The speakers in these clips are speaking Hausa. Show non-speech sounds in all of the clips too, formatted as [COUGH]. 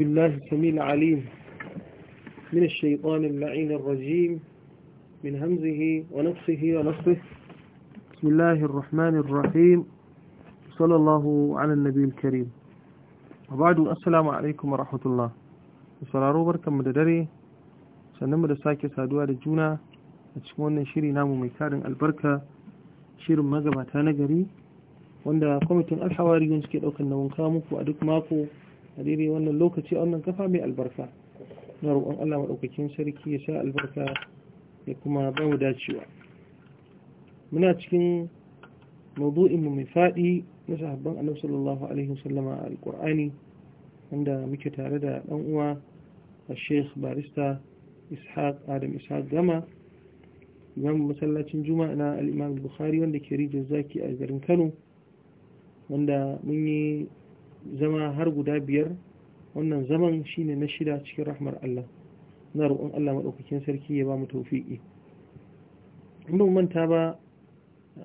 بالله السميع العليم من الشيطان اللعين الرجيم من همزه ونفسه ونفسه بسم الله الرحمن الرحيم صلى الله على النبي الكريم وبعد السلام عليكم ورحمة الله sauraro barkanmu da dare sannan mu da sake saduwa da juna a cikin wannan shiri namu mai tarin albarka shirin magabata na gari wanda kwamitin alhawari suke daukan nauyin kawo muku a duk mako a wannan lokaci a wannan kafa mai albarka na roƙon Allah maɗaukakin sarki ya sha albarka ya kuma ba mu dacewa muna cikin mawdu'in mu mai faɗi na sahabban annabi sallallahu alaihi wasallama a alqur'ani wanda muke tare da ɗan uwa a sheikh barista ishaq adam ishaq gama imam masallacin juma'a na al-imam bukhari wanda ke rijin zaki a garin kano wanda mun yi zama har guda biyar wannan zaman shine na shida cikin rahmar Allah na roƙon Allah maɗaukakin sarki ya ba mu taufiƙi inda ba manta ba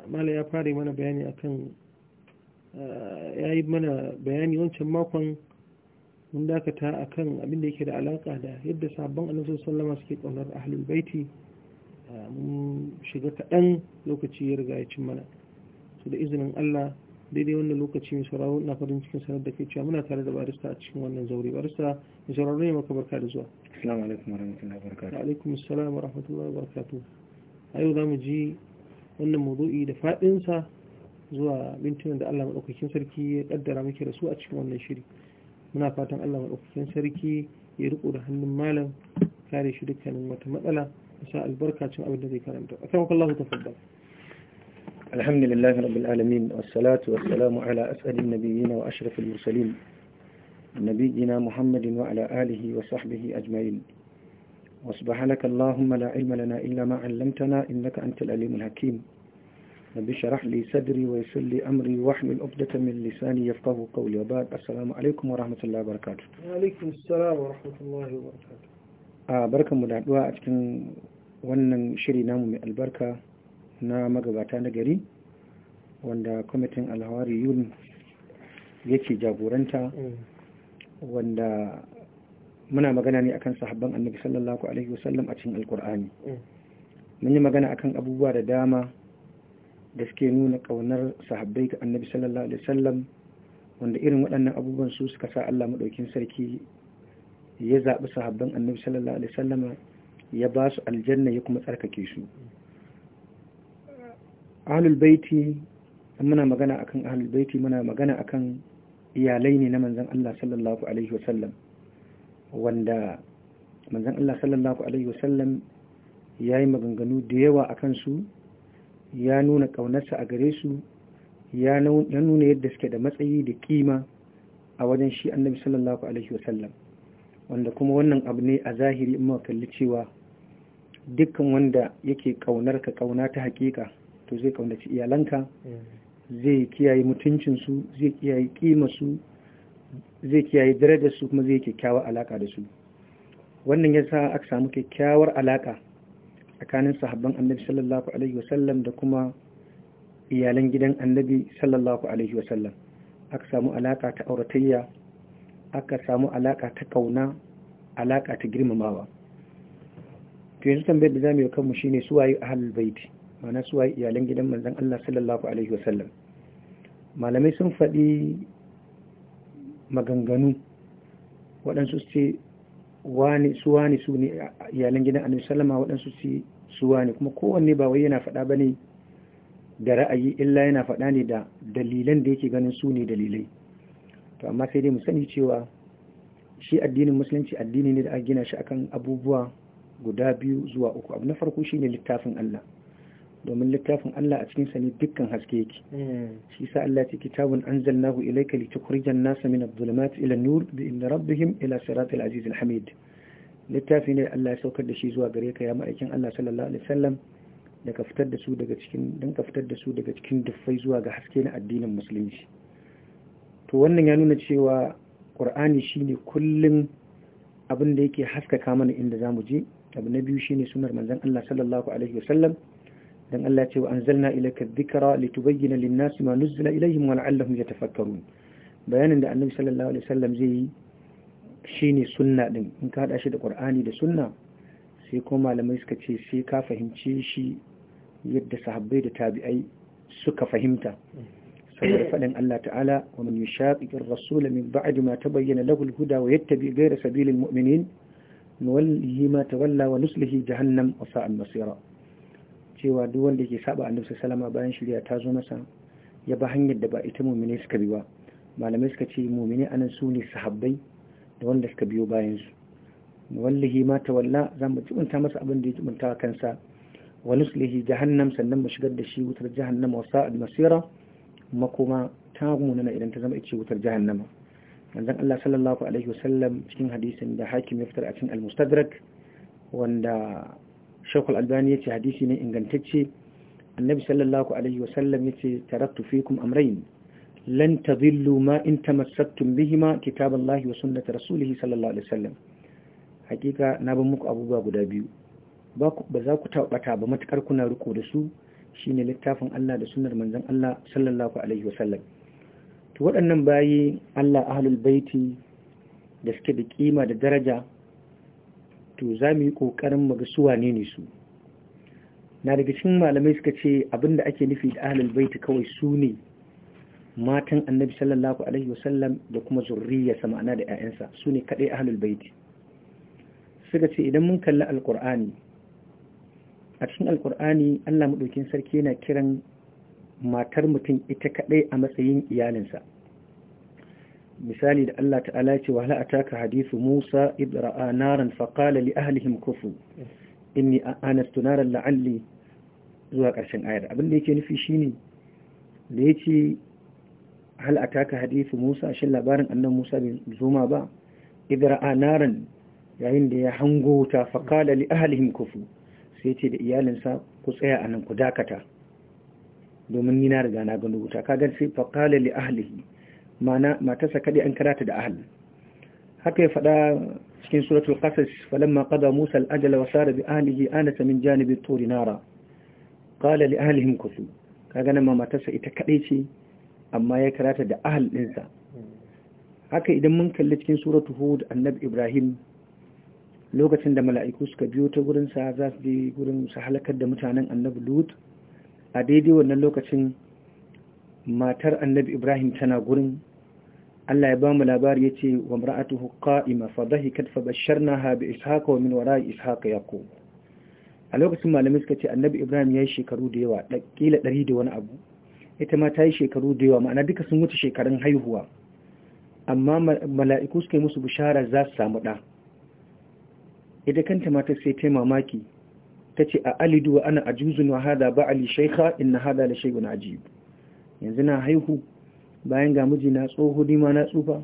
mala ya fara mana bayani akan eh, ya yi mana bayani wancan makon mun dakata akan abin da yake da alaƙa da yadda sabon annabi sallama suke a ahlul baiti eh, mun shiga kaɗan lokaci ya riga ya cin mana su da izinin Allah daidai wannan lokaci mai sauraro na farin cikin sanar da kai cewa muna tare da barista a cikin wannan zaure barista mai sauraro ne maka barka da zuwa assalamu alaikum warahmatullahi wabarakatuh alaikum assalam warahmatullahi wabarakatuh a yau zamu ji wannan mawdu'i da fadin sa zuwa mintunan da Allah madaukakin sarki ya kaddara muke da su a cikin wannan shiri muna fatan Allah madaukakin sarki ya riko da hannun malam kare shi dukkanin wata matsala sa albarkacin abin da zai karanta akan ta faɗa. الحمد لله رب العالمين والصلاة والسلام على أسأل النبيين وأشرف المرسلين نبينا محمد وعلى آله وصحبه أجمعين وسبحانك اللهم لا علم لنا إلا ما علمتنا إنك أنت الأليم الحكيم رب اشرح لي صدري ويسر لي أمري واحمل عقدة من لساني يفقه قولي وبعد السلام عليكم ورحمة الله وبركاته وعليكم السلام ورحمة الله وبركاته آه بركة مدعوة أتكن wannan shiri namu mai albarka na magabata na gari wanda kwamitin alhawari yun yake jagoranta wanda muna magana ne akan sahabban annabi sallallahu alaihi wasallam a cikin alkur'ani mun yi magana akan abubuwa da dama da suke nuna kaunar sahabbai ga annabi sallallahu alaihi wasallam wanda irin waɗannan abubuwan su suka sa Allah madaukin sarki ya zaɓi sahabban annabi sallallahu alaihi wasallam ya ba su aljanna ya kuma tsarkake su ahlul baiti muna magana akan ahlul baiti muna magana akan iyalai ne na manzon Allah sallallahu alaihi wasallam wanda manzon Allah sallallahu alaihi wasallam yayi maganganu da yawa akan su ya nuna ƙaunarsa a gare su ya nuna yadda suke da matsayi da kima a wajen shi annabi sallallahu alaihi wasallam wanda kuma wannan abu ne a zahiri in kalli cewa dukkan wanda yake kaunar ka kauna ta hakika to zai kaunaci iyalanka zai kiyaye mutuncinsu zai kiyaye kimarsu zai kiyaye darajarsu kuma zai kyakkyawar alaka da su wannan ya sa aka samu kyakkyawar alaka tsakanin sahabban annabi sallallahu alaihi wasallam da kuma iyalan gidan annabi sallallahu alaihi wasallam aka samu alaka ta auratayya aka samu alaka ta kauna alaka ta girmamawa to yanzu tambayar da zamu yi kanmu shine su waye ahlul baiti mana suwa iyalan gidan manzan Allah sallallahu Alaihi wasallam malamai sun faɗi maganganu waɗansu ce suwa ne su ne iyalan gidan annabi sallama waɗansu ce suwa ne kuma kowanne ba wai yana faɗa ba ne da ra'ayi illa yana faɗa ne da dalilan da yake ganin su ne dalilai to amma sai dai mu sani cewa shi addinin musulunci addini ne da aka gina shi akan abubuwa guda biyu zuwa uku abu na farko shine littafin Allah domin littafin Allah a cikinsa ne dukkan haske yake hmm. shi sa Allah ce kitabun anzalnahu ilayka litukhrijan nasa min adh-dhulumati ila an-nur bi inna rabbihim ila siratil azizil hamid littafi ne Allah ya saukar da shi zuwa gare ka ya ma'aikin Allah sallallahu alaihi wasallam da ka fitar da su daga cikin dan ka fitar da su daga cikin duffai zuwa ga haske na addinin musulunci to wannan ya nuna cewa Qur'ani shine kullun abin da yake haskaka mana inda zamu je abu na biyu shine sunnar manzon Allah sallallahu alaihi wasallam dan Allah ce wa anzalna ilayka dhikra litubayyana lin-nasi ma nuzila ilayhim wa la'allahum yatafakkarun bayanin da Annabi sallallahu alaihi wasallam zai yi shine sunna din in ka hada shi da Qur'ani da sunna sai ko malamai suka ce sai ka fahimce shi yadda sahabbai da tabi'ai suka fahimta saboda faɗin Allah ta'ala wa man yushaqiqir rasula min ba'di ma tabayyana lahu al-huda wa yattabi ghayra sabilil mu'minin nuwallihi ma tawalla wa nuslihi jahannam wa sa'al masira cewa duk wanda ke saba annabi sallama bayan shirya ta zo masa ya ba hanyar da ba ita mumine suka biwa malamai suka ce mumine anan su ne sahabbai da wanda suka biyo bayan su wallahi ma tawalla za mu jibinta masa abin da ya jibinta kansa wa nuslihi jahannam sannan mu shigar da shi wutar jahannam wa sa'ad masira makoma ta munana idan ta zama ice wutar jahannama manzon Allah sallallahu alaihi wasallam cikin hadisin da hakim ya fitar a cikin al wanda shekul albani ya ce hadisi ne ingantacce annabi sallallahu alaihi wasallam ya ce taraktu fikum amrain lan tadhillu ma in tamassaktum bihima kitaballahi wa sunnati rasulih sallallahu alaihi wasallam hakika na ban muku abubuwa guda biyu ba za ku tabbata ba matukar kuna riko da su shine littafin Allah da sunnar manzon Allah sallallahu alaihi wasallam to waɗannan bayi Allah ahlul baiti da suke da kima da daraja to za mu yi ƙoƙarin maga su wane ne su na daga cikin malamai suka ce abinda ake nufi da ahlul baiti kawai su ne matan annabi sallallahu alaihi wasallam da kuma zurriya ma'ana da 'ya'yansa su ne kaɗai ahlul baiti suka ce idan mun kalli alkur'ani a cikin alkur'ani allah maɗaukin sarki yana kiran matar mutum ita kaɗai a matsayin iyalinsa misali da Allah ta'ala ce wa la ataka hadithu Musa ibra'a naran fa qala li ahlihim kufu inni anastu naran la'alli zuwa karshen ayar abin da yake nufi shine da yace hal ataka hadithu Musa shin labarin annan Musa bai zoma ba ibra'a naran yayin da ya hango ta fa qala li ahlihim kufu sai yace da iyalinsa ku tsaya anan ku dakata domin ni na riga na gano wuta kaga sai fa qala li ahlihi mana matarsa kaɗai an karata da ahal haka ya faɗa cikin suratul qasas falamma qada musa al-ajala wa sara bi ahlihi anata min janibi tur nara qala li ahlihim kusu kaga nan matarsa ita kaɗai ce amma ya karata da ahal dinsa haka idan mun kalli cikin suratul hud annabi ibrahim lokacin da mala'iku suka biyo ta gurin sa za su je gurin sa halakar da mutanen annabi lut a daidai wannan lokacin matar annabi ibrahim tana gurin Allah ya ba mu labari ya ce wa mara'atuhu qa'ima fa dhahikat fa basharnaha bi ishaka wa min ishaka ya ko a lokacin malamai suka ce annabi ibrahim ya yi shekaru da yawa kila ɗari da wani abu ita ma ta yi shekaru da yawa ma'ana duka sun wuce shekarun haihuwa amma mala'iku suka yi musu bishara za su samu ɗa ita kanta mata sai ta mamaki ta ce a alidu wa ana ajuzun wa hada ba ali in inna hada la shay'un ajiyu yanzu na haihu bayan ga miji na tsoho nima na tsufa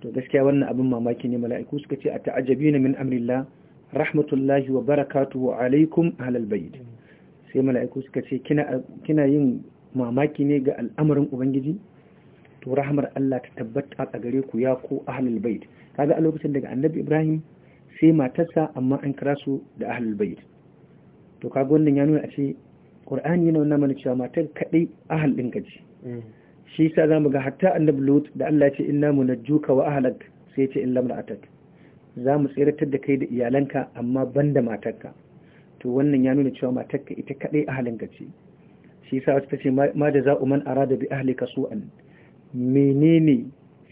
to gaskiya wannan abin mamaki ne mala'iku suka ce a ta'ajabi min amrillah rahmatullahi wa barakatuhu alaikum ahlal bayt sai mala'iku suka ce kina kina yin mamaki ne ga al'amarin ubangiji to rahmar Allah ta tabbata a gare ku ya ku ahlal bait kaga a lokacin daga annabi Ibrahim sai matarsa amma an kira su da ahlul bait to kaga wannan ya nuna a ce ƙur'ani yana nuna mana cewa matar kaɗai a halin gaji shi sa za mu ga hatta annabi lut da Allah ce na juka wa ahalak sai ce lamra mar'atak za mu tseratar da kai da iyalanka amma ban da matarka to wannan ya nuna cewa matarka ita kaɗai a halin gaji shi sa wata ce ma da za za'u man da bi ka su'an menene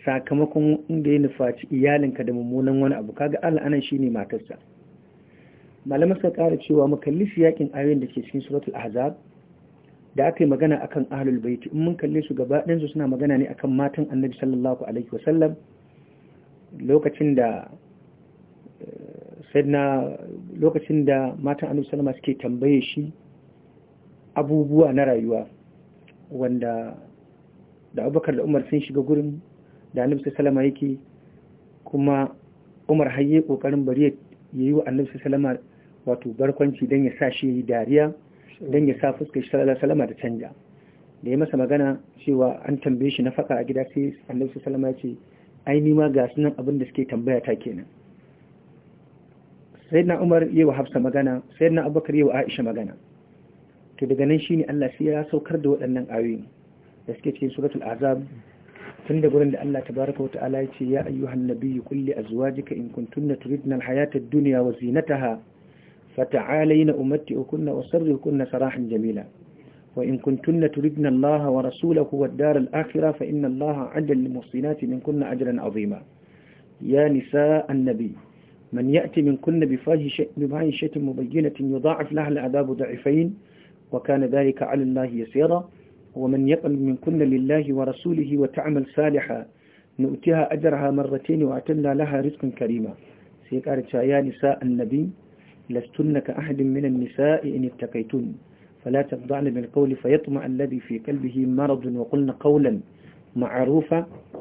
sakamakon inda ya nufaci iyalinka da mummunan wani abu kaga Allah shi ne matarsa malamai suka ƙara cewa mu kalli yakin ayoyin da ke cikin suratul ahzab da aka yi magana akan ahlul baiti in mun kalli su gaba ɗansu suna magana ne akan matan annabi sallallahu alaihi wasallam lokacin da eh, sayyidina lokacin da matan annabi sallama suke tambaye shi abubuwa na rayuwa wanda da abubakar da umar sun shiga gurin da annabi sallama yake kuma umar hayye kokarin bari ya yi wa annabi sallama wato barkwanci don ya sa shi yi dariya don ya sa fuska shi salama da canja da ya masa magana cewa an tambaye shi na faka a gida sai annabi salama ya ce ai ma ga sunan abin da suke tambaya ta kenan sayyidina umar yi wa hafsa magana sayyidina abubakar yi wa aisha magana to daga nan shi ne Allah sai ya saukar da waɗannan ayoyi da suke cikin suratul azab tun da gurin da Allah tabaraka wata'ala ya ce ya ayyuhan nabiyyu qul li azwajika in kuntunna turidna al-hayata ad-dunya wa zinataha فتعالين أمتئكن وسركن سراحا جميلا وإن كنتن تردن الله ورسوله والدار الآخرة فإن الله عجل للمحصنات منكن أجرا عظيما يا نساء النبي من يأتي منكن بفاهشة مبينة يضاعف لها العذاب ضعفين وكان ذلك على الله يسيرا ومن يقل منكن لله ورسوله وتعمل صالحا نؤتها أجرها مرتين وأعتلنا لها رزقا كريما سيقال يا نساء النبي لستن كأحد من النساء إن اتقيتن فلا تخضعن بالقول فيطمع الذي في قلبه مرض وقلن قولا معروفا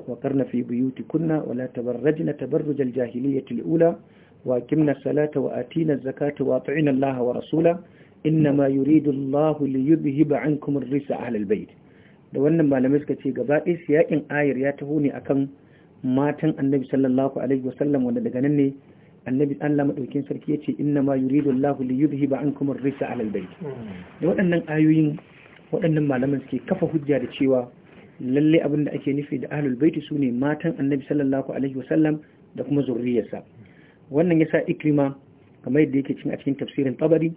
وقرن في بيوتكن ولا تبرجن تبرج الجاهلية الأولى واكمنا الصلاة وآتينا الزكاة واطعنا الله ورسوله إنما يريد الله ليذهب عنكم الرجس أهل البيت da wannan malamai suka ce gaba ɗaya siyaƙin ayar ya taho ne akan matan annabi sallallahu alaihi wasallam wanda daga nan ne annabi Allah madaukin sarki yace inna ma yuridu Allahu li an ankum ar-risa 'ala al-bayt da waɗannan ayoyin waɗannan malaman suke kafa hujja da cewa lalle abin da ake nufi da ahlul baiti sune matan annabi sallallahu alaihi wasallam da kuma zurriyarsa wannan yasa ikrima kamar yadda yake cin a cikin tafsirin tabari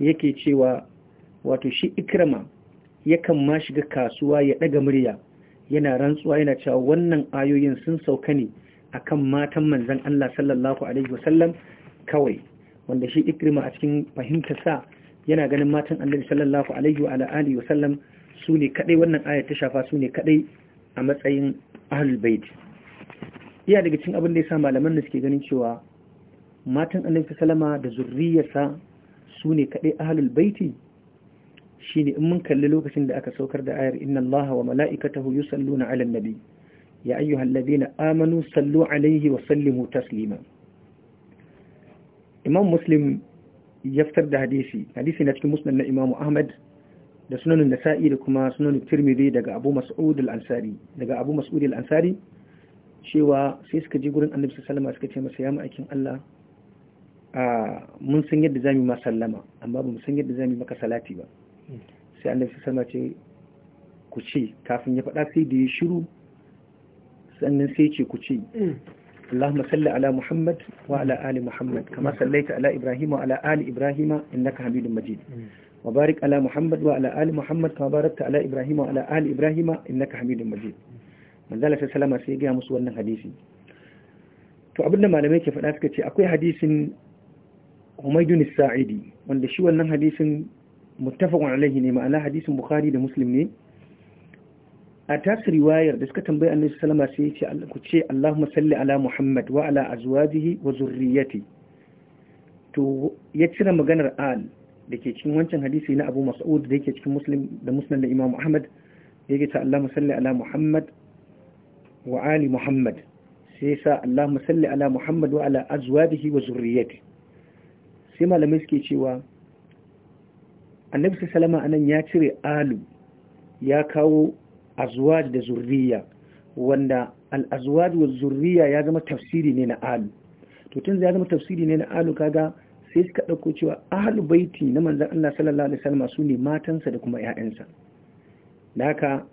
yake cewa wato shi ikrama yakan ma shiga kasuwa ya daga murya yana rantsuwa yana cewa wannan ayoyin sun sauka ne akan matan manzan Allah sallallahu alaihi wasallam kawai wanda shi ikrima a cikin fahimtar sa yana ganin matan annabi sallallahu alaihi wa wasallam su ne kadai wannan ayar ta shafa su ne kadai a matsayin ahlul bait iya daga cin abin da sa malaman da suke ganin cewa matan annabi sallama da zurriyarsa su ne kadai ahlul baiti shine in mun kalli lokacin da aka saukar da ayar inna allaha wa mala'ikatahu yusalluna 'alan nabi يا أيها الذين آمنوا صلوا عليه وسلموا تسليما إمام مسلم يفتر ده حديثي حديثي نتكي مسلم إمام أحمد da sunanin nasa'i da kuma sunanin tirmidhi daga abu mas'ud al-ansari daga abu mas'ud al-ansari cewa sai suka je gurin annabi sallama suka ce masa ya ma'aikin Allah mun san yadda zamu ma sallama amma ba mu san yadda zamu maka salati ba sai annabi sallama ce ku ce kafin ya faɗa sai da ya shiru sannan sai ce ku ce mm. Allahumma salli ala Muhammad wa ala ali Muhammad kama mm. ta ala Ibrahim wa ala ali Ibrahim innaka Hamidum Majid mm. wa barik ala Muhammad wa ala ali Muhammad kama barakta ala Ibrahim wa ala ali Ibrahim innaka Hamidum Majid manzo Allah sallama sai ga musu wannan hadisi to abinda malamai ke faɗa suka ce akwai hadisin Umayd bin Sa'idi wanda shi wannan hadisin muttafaqun alaihi ne ma'ana hadisin Bukhari da Muslim ne a tasir riwayar da suka tambayi annabi sallama sai ya ce ku ce Allahumma salli ala Muhammad wa ala azwajihi wa zurriyyati to ya cire maganar al da ke cikin wancan hadisi na Abu Mas'ud da yake cikin Muslim da Musnad da Imam Ahmad yake ta Allahumma salli ala Muhammad wa ali Muhammad sai sa Allahumma salli ala Muhammad wa ala azwajihi wa zurriyyati sai malamai suke cewa annabi sallama anan ya cire alu ya kawo azwaj da zurriya wanda al'azwaj wa zurriya ya zama tafsiri ne na alu to tun ya zama tafsiri ne na alu kaga sai suka ɗauko cewa ahalu baiti na manzan Allah sallallahu alaihi wasallam su ne matansa da kuma 'ya'yansa. da haka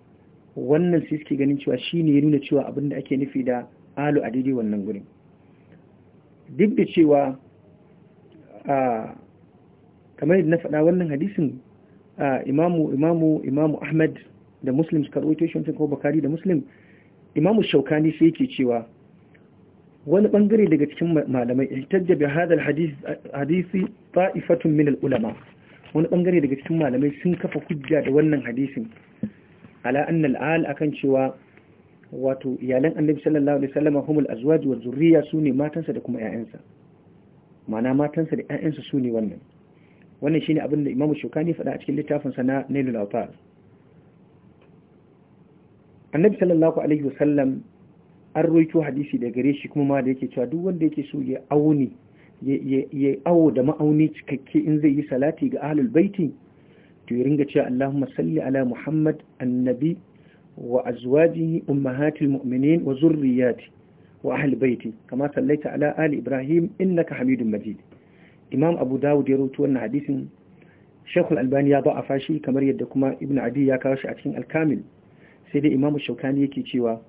wannan sai suke ganin cewa shine ya nuna cewa abin da ake nufi da alu a daidai wannan gurin duk da cewa a kamar yadda na faɗa wannan hadisin imamu imamu imamu Ahmad da muslims suka rawaito shi ko bakari da muslim imamu shaukani sai yake cewa wani bangare daga cikin malamai iltajja bi hadal hadisi ta'ifatun min al-ulama wani bangare daga cikin malamai sun kafa hujja da wannan hadisin ala anna al-al akan cewa wato iyalan annabi sallallahu alaihi wasallam humul azwaj wa zurriya sune matansa da kuma ƴaƴansa ma'ana matansa da ƴaƴansa sune wannan wannan shine abin da Imamu Shaukani faɗa a cikin littafin sa na Nailul Awtar annabi sallallahu alaihi wasallam an roito hadisi da gare shi kuma ma da yake cewa duk wanda yake so ya auni ya awo da ma'auni cikakke in zai yi salati ga ahlul baiti to ya ringa cewa Allahumma salli ala Muhammad annabi wa azwajihi ummahatil mu'minin wa zurriyati wa ahlul baiti kama sallaita ala ali Ibrahim innaka Hamidum Majid Imam Abu Dawud ya rawaito wannan hadisin Sheikh Al-Albani ya da'afa shi kamar yadda kuma Ibn Adi ya kawo shi a cikin Al-Kamil sai dai imamu shaukani yake cewa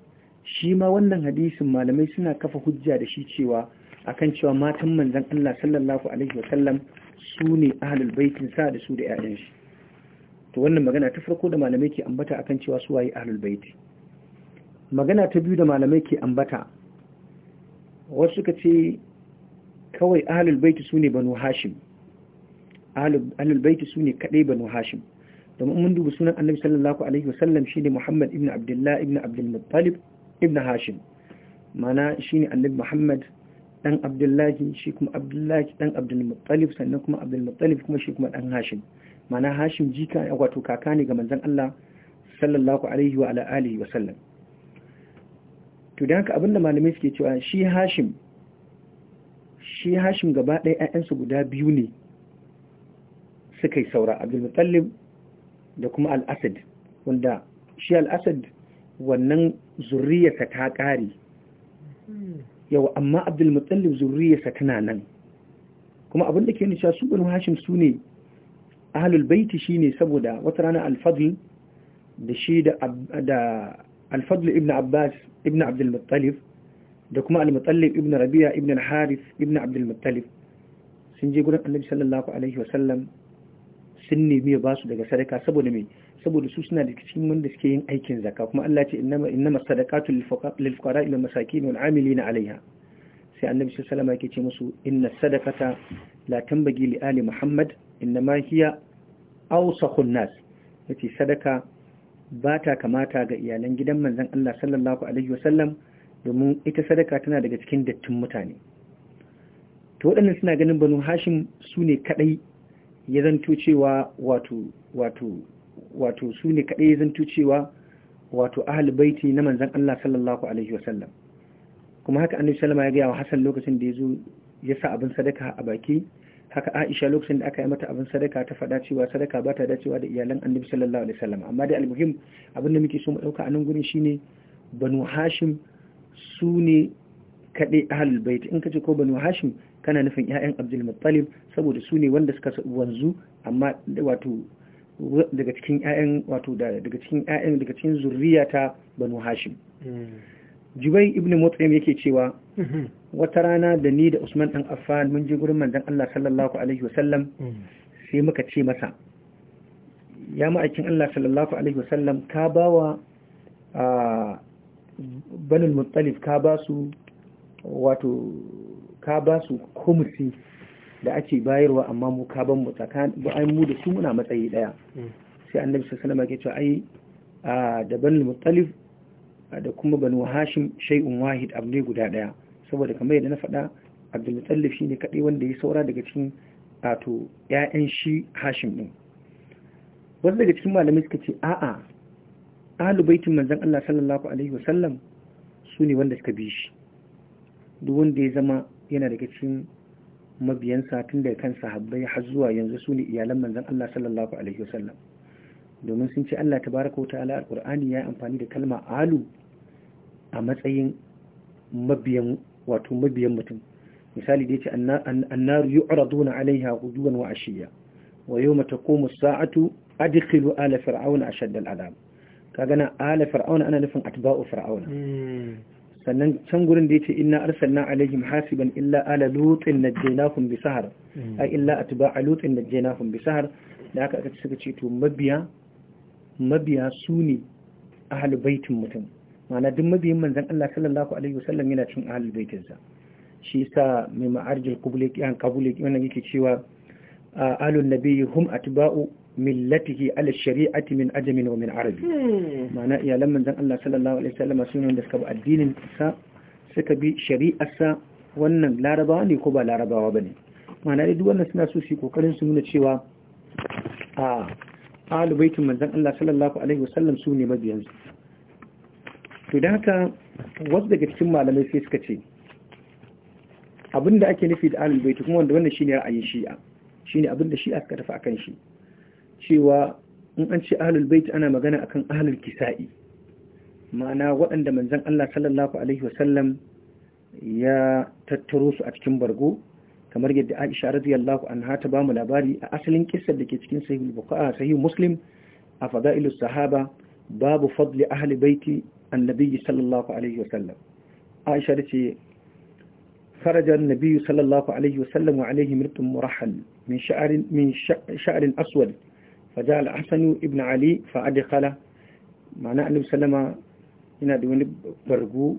shi ma wannan hadisin malamai suna kafa hujja da shi cewa akan cewa matan manzan Allah sallallahu alaihi wasallam su ne ahlul baitin sa da su da ƴaƴan shi to wannan magana ta farko da malamai ke ambata akan cewa su waye ahlul baiti magana ta biyu da malamai ke ambata wasu suka ce kawai ahlul baiti su ne banu hashim ahlul baiti su ne kadai banu hashim domin mun duba sunan annabi sallallahu alaihi wasallam shine Muhammad ibn Abdullah ibn Abdul Muttalib ibn Hashim mana shine annabi Muhammad dan Abdullahi shi kuma Abdullahi dan Abdul Muttalib sannan kuma Abdul Muttalib kuma shi kuma dan Hashim mana Hashim jika wato kaka ne ga manzon Allah sallallahu alaihi wa ala alihi wasallam to dan haka abinda malamai suke cewa shi Hashim shi Hashim gaba ɗaya ƴaƴansu guda biyu ne suka yi saura Abdul Muttalib da kuma al al'asad wanda shi al'asad wannan zurriyarsa ta ƙare yau amma abdulmutallib zurriyarsa tana nan kuma abin da ke nisha su banu hashim su ne ahalul baiti shi ne saboda wata rana alfadl da shi da alfadl ibn abbas ibn abdulmutallib da kuma almutallib ibn rabia ibn harith ibn abdulmutallib sun je gurin annabi sallallahu alaihi wasallam sun nemi ya basu daga sadaka saboda mai saboda su suna da cikin wanda suke yin aikin zaka kuma Allah ce innama innama sadaqatu lil fuqara ila masakin wal amilina alaiha sai annabi sallallahu alaihi yake ce musu inna sadaqata la tambagi li ali muhammad innama hiya awsakhun nas yace sadaka ba ta kamata ga iyalan gidan manzon Allah sallallahu alaihi wasallam domin ita sadaka tana daga cikin dattin mutane to waɗannan suna ganin banu hashim su ne kaɗai ya zanto cewa wato su ne kaɗai ya zanto cewa wato ahal baiti na manzan Allah sallallahu alaihi wasallam kuma haka annabi Salama ya gaya wa Hassan lokacin da ya zo ya sa abin sadaka a baki haka Aisha lokacin da aka yi mata abin sadaka ta faɗa cewa sadaka ba ta dacewa da iyalan annabi sallallahu alaihi wasallam amma dai almuhim abin da muke so mu ɗauka a nan gurin shine banu Hashim su ne kaɗai ahalul bait in ka ce ko banu Hashim kana nufin ƴaƴan Abdul Muttalib saboda su ne wanda suka wanzu amma wato daga cikin ƴaƴan wato daga cikin ƴaƴan daga cikin zurriya ta Banu Hashim hmm. Jubai ibn Mut'im yake cewa hmm. wata rana da ni da Usman dan Affan mun je gurin manzon Allah sallallahu alaihi wasallam hmm. sai muka ce masa ya ma'aikin Allah sallallahu alaihi wasallam ka bawa ah, Banu Muttalib ka ba su wato ka ba su kwamiti da ake bayarwa amma mu ka ban mu tsakanin mu da su muna matsayi daya mm. sai annabi sallallahu alaihi wasallam yake cewa ai da banu muttalib da kuma banu hashim shay'un wahid abne guda daya saboda kamar yadda na faɗa abdul muttalib shine kadai wanda ya saura daga cikin wato ƴaƴan shi hashim din wanda daga cikin malamai suka ce a'a ahlu baitin manzon Allah sallallahu alaihi wasallam su ne wanda suka bi shi duk wanda ya zama yana daga cikin mabiyansa tun da kan sahabbai har zuwa yanzu su ne iyalan manzan Allah sallallahu alaihi wasallam domin sun ce Allah tabaraka wa ta'ala alqur'ani ya amfani da kalma alu a matsayin mabiyan wato mabiyan mutum misali da yace annaru yu'raduna alaiha ghuduwan wa ashiya wa yawma taqumu as-sa'atu adkhilu ala fir'auna a al-'adab kaga na ala fir'auna ana nufin atba'u fir'auna hmm. sannan can gurin da ya yace inna arsalna alaihim hasiban illa ala lutin najjaynahum bi sahar hmm. ai illa atba'a lutin najjaynahum bi sahar da aka aka suka ce to mabiya mabiya ne ahlul baitin mutum ma'ana duk mabiyin manzon Allah sallallahu alaihi wasallam yana cin ahlul baitinsa shi yasa mai ma'arjil qabuli an qabuli wannan yake cewa ahlun nabiyyi hum atba'u millatihi ala shari'ati min ajamin wa min arabi hmm. ma'ana iyalan manzon Allah sallallahu alaihi wasallam sun da suka bi addinin sa suka bi sa wannan larabawa ne ko ba larabawa bane ma'ana dai duk wannan suna so su kokarin su nuna cewa a ahlul baitin manzon Allah sallallahu alaihi wasallam su ne mabiyansu to da haka wasu daga cikin malamai sai suka ce abinda ake nufi da ahlul baiti kuma wanda wannan shine ra'ayin shi'a shine abinda shi'a suka tafi akan shi cewa in an ce ahlul bait ana magana akan ahlul kisa'i ma'ana waɗanda manzon Allah sallallahu alaihi wasallam ya tattaro su a cikin bargo kamar yadda Aisha radiyallahu anha ta bamu labari a asalin kissar da ke cikin sahihul bukhari sahih muslim a fadailus sahaba babu fadli ahli baiti annabi sallallahu alaihi wasallam Aisha tace خرج النبي صلى الله عليه وسلم وعليه مرط مرحل من شعر من شعر أسود faja al'asanu ibn ali fa'adikala ma'ana annabi sallama yana da wani برغو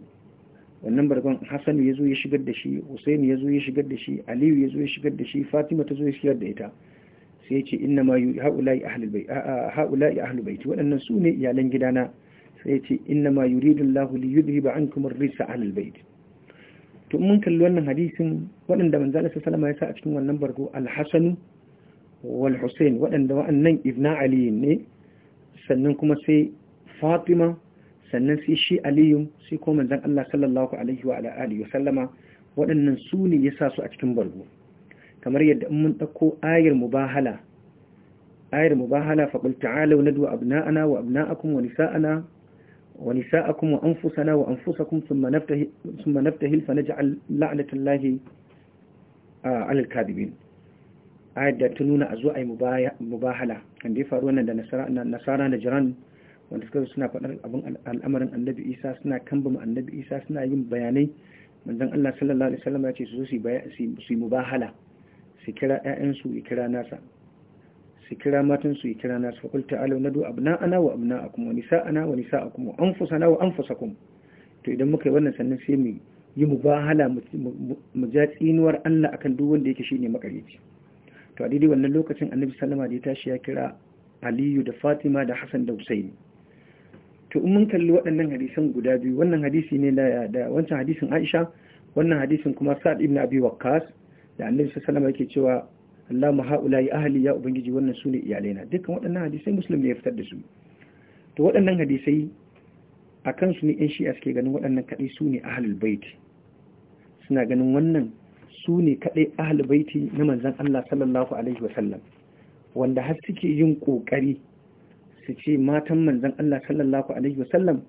wannan bargon Hassan ya zo ya shigar da shi hussein ya zo ya shigar da shi aliyu ya zo ya shigar da shi fatima ta zo ya shigar da ita sai ce inna ma yu haula'i ahlul baiti waɗannan su ne iyalan gidana sai ce inna ma yuridu lahuli li yudhiba an kuma risa ahlul baiti to mun kalli wannan hadisin waɗanda alaihi wasallam ya sa a cikin wannan bargo alhassanu wal Hussein waɗanda wa'annan ibna Ali ne sannan kuma sai Fatima sannan sai shi Aliyu sai kuma manzon Allah sallallahu alaihi wa alihi wasallama waɗannan su ne yasa su a cikin bargo kamar yadda mun dauko ayar mubahala ayar mubahala faqul ta'alu nadu abna'ana wa abna'akum wa nisa'ana wa nisa'akum wa anfusana wa anfusakum thumma naftahil thumma naftahil fa naj'al la'natullahi 'alal kadibin ayar da ta nuna a zo a yi mubahala kan da ya faru wannan da nasara da jiran wanda suka suna faɗar abin al'amarin annabi isa suna kambama annabi isa suna yin bayanai manzon allah sallallahu alaihi wasallam ya ce su zo su yi mubahala su kira ƴaƴansu ya kira nasa su kira matansu ya kira nasa fa na du'a na ana wa abna'akum wa ana wa nisa'akum wa anfusana wa anfusakum to idan muka yi wannan sannan sai mu yi mubahala mu ja tsinuwar Allah akan duk wanda yake shi ne makareci to a daidai wannan lokacin annabi salama da ya tashi ya kira aliyu da fatima da hassan da husaini to in mun kalli waɗannan hadisan guda biyu wannan hadisi ne da wancan hadisin aisha wannan hadisin kuma sa'ad ibn abi waqqas da annabi ya yake cewa Allahumma haula ya ahli ya ubangiji wannan sune iyalaina dukkan waɗannan hadisai muslim ne ya fitar da su to waɗannan hadisai a kansu ne yan shi'a suke ganin waɗannan kaɗai su ne ahalul bait suna ganin wannan su ne kaɗai ahalibaiti na manzan Allah sallallahu Alaihi wasallam wanda har suke yin ƙoƙari su ce matan manzan Allah sallallahu Alaihi wasallam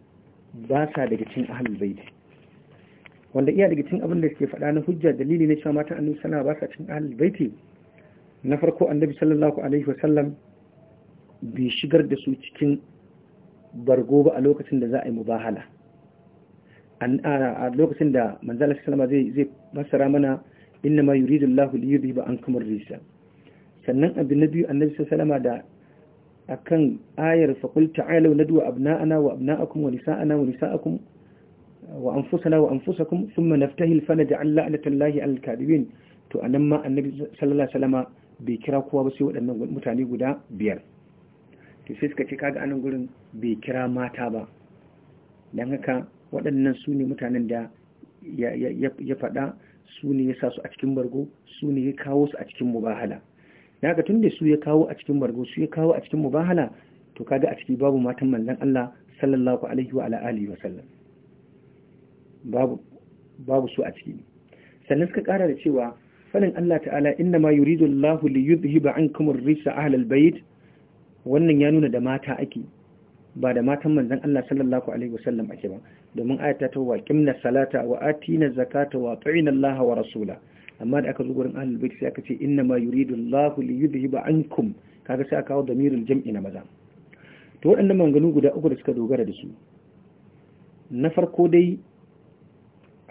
ba sa daga cin ahalibaiti wanda iya daga cin abin da suke faɗa na hujja dalili na cewa matan annabi sana ba sa cin ahalibaiti na farko annabi sallallahu Alaihi wasallam bai shigar da su cikin bargo ba a lokacin da za a yi mubahala a lokacin da manzala sallama zai masara mana inna ma yuridu Allah li yudhiba an kamar rijsa sannan abu na biyu annabi sallama da akan ayar faqul ta'alu nadwa abna'ana wa abna'akum wa nisa'ana wa nisa'akum wa anfusana wa anfusakum thumma naftahil da Allah, Allahi 'alal kadibin to a nan ma annabi sallallahu alaihi bai kira kowa ba sai waɗannan mutane guda biyar to sai suka ce kaga anan gurin bai kira mata ba dan haka waɗannan su ne mutanen da ya faɗa su ne ya sa su a cikin bargo su ne ya kawo su a cikin mubahala ya ga tun da su ya kawo a cikin bargo su ya kawo a cikin mubahala to kaga a ciki babu matan mallan Allah sallallahu alaihi wa ala alihi wa sallam babu babu su a ciki sannan suka kara da cewa fadin Allah ta'ala inna ma yuridu Allah li yudhhiba ankum ar-rijsa ahlal bayt wannan ya nuna da mata ake ba da matan manzon Allah sallallahu alaihi wa sallam ake ba domin ayata ta waƙim na salata wa na zakata wa na Allah wa rasula amma da aka zo gurin ahlul bait sai aka ce inna ma yuridu Allah li yudhhiba ankum kaga sai aka kawo damirul jam'i na maza to waɗanda manganu guda uku da suka dogara da su na farko dai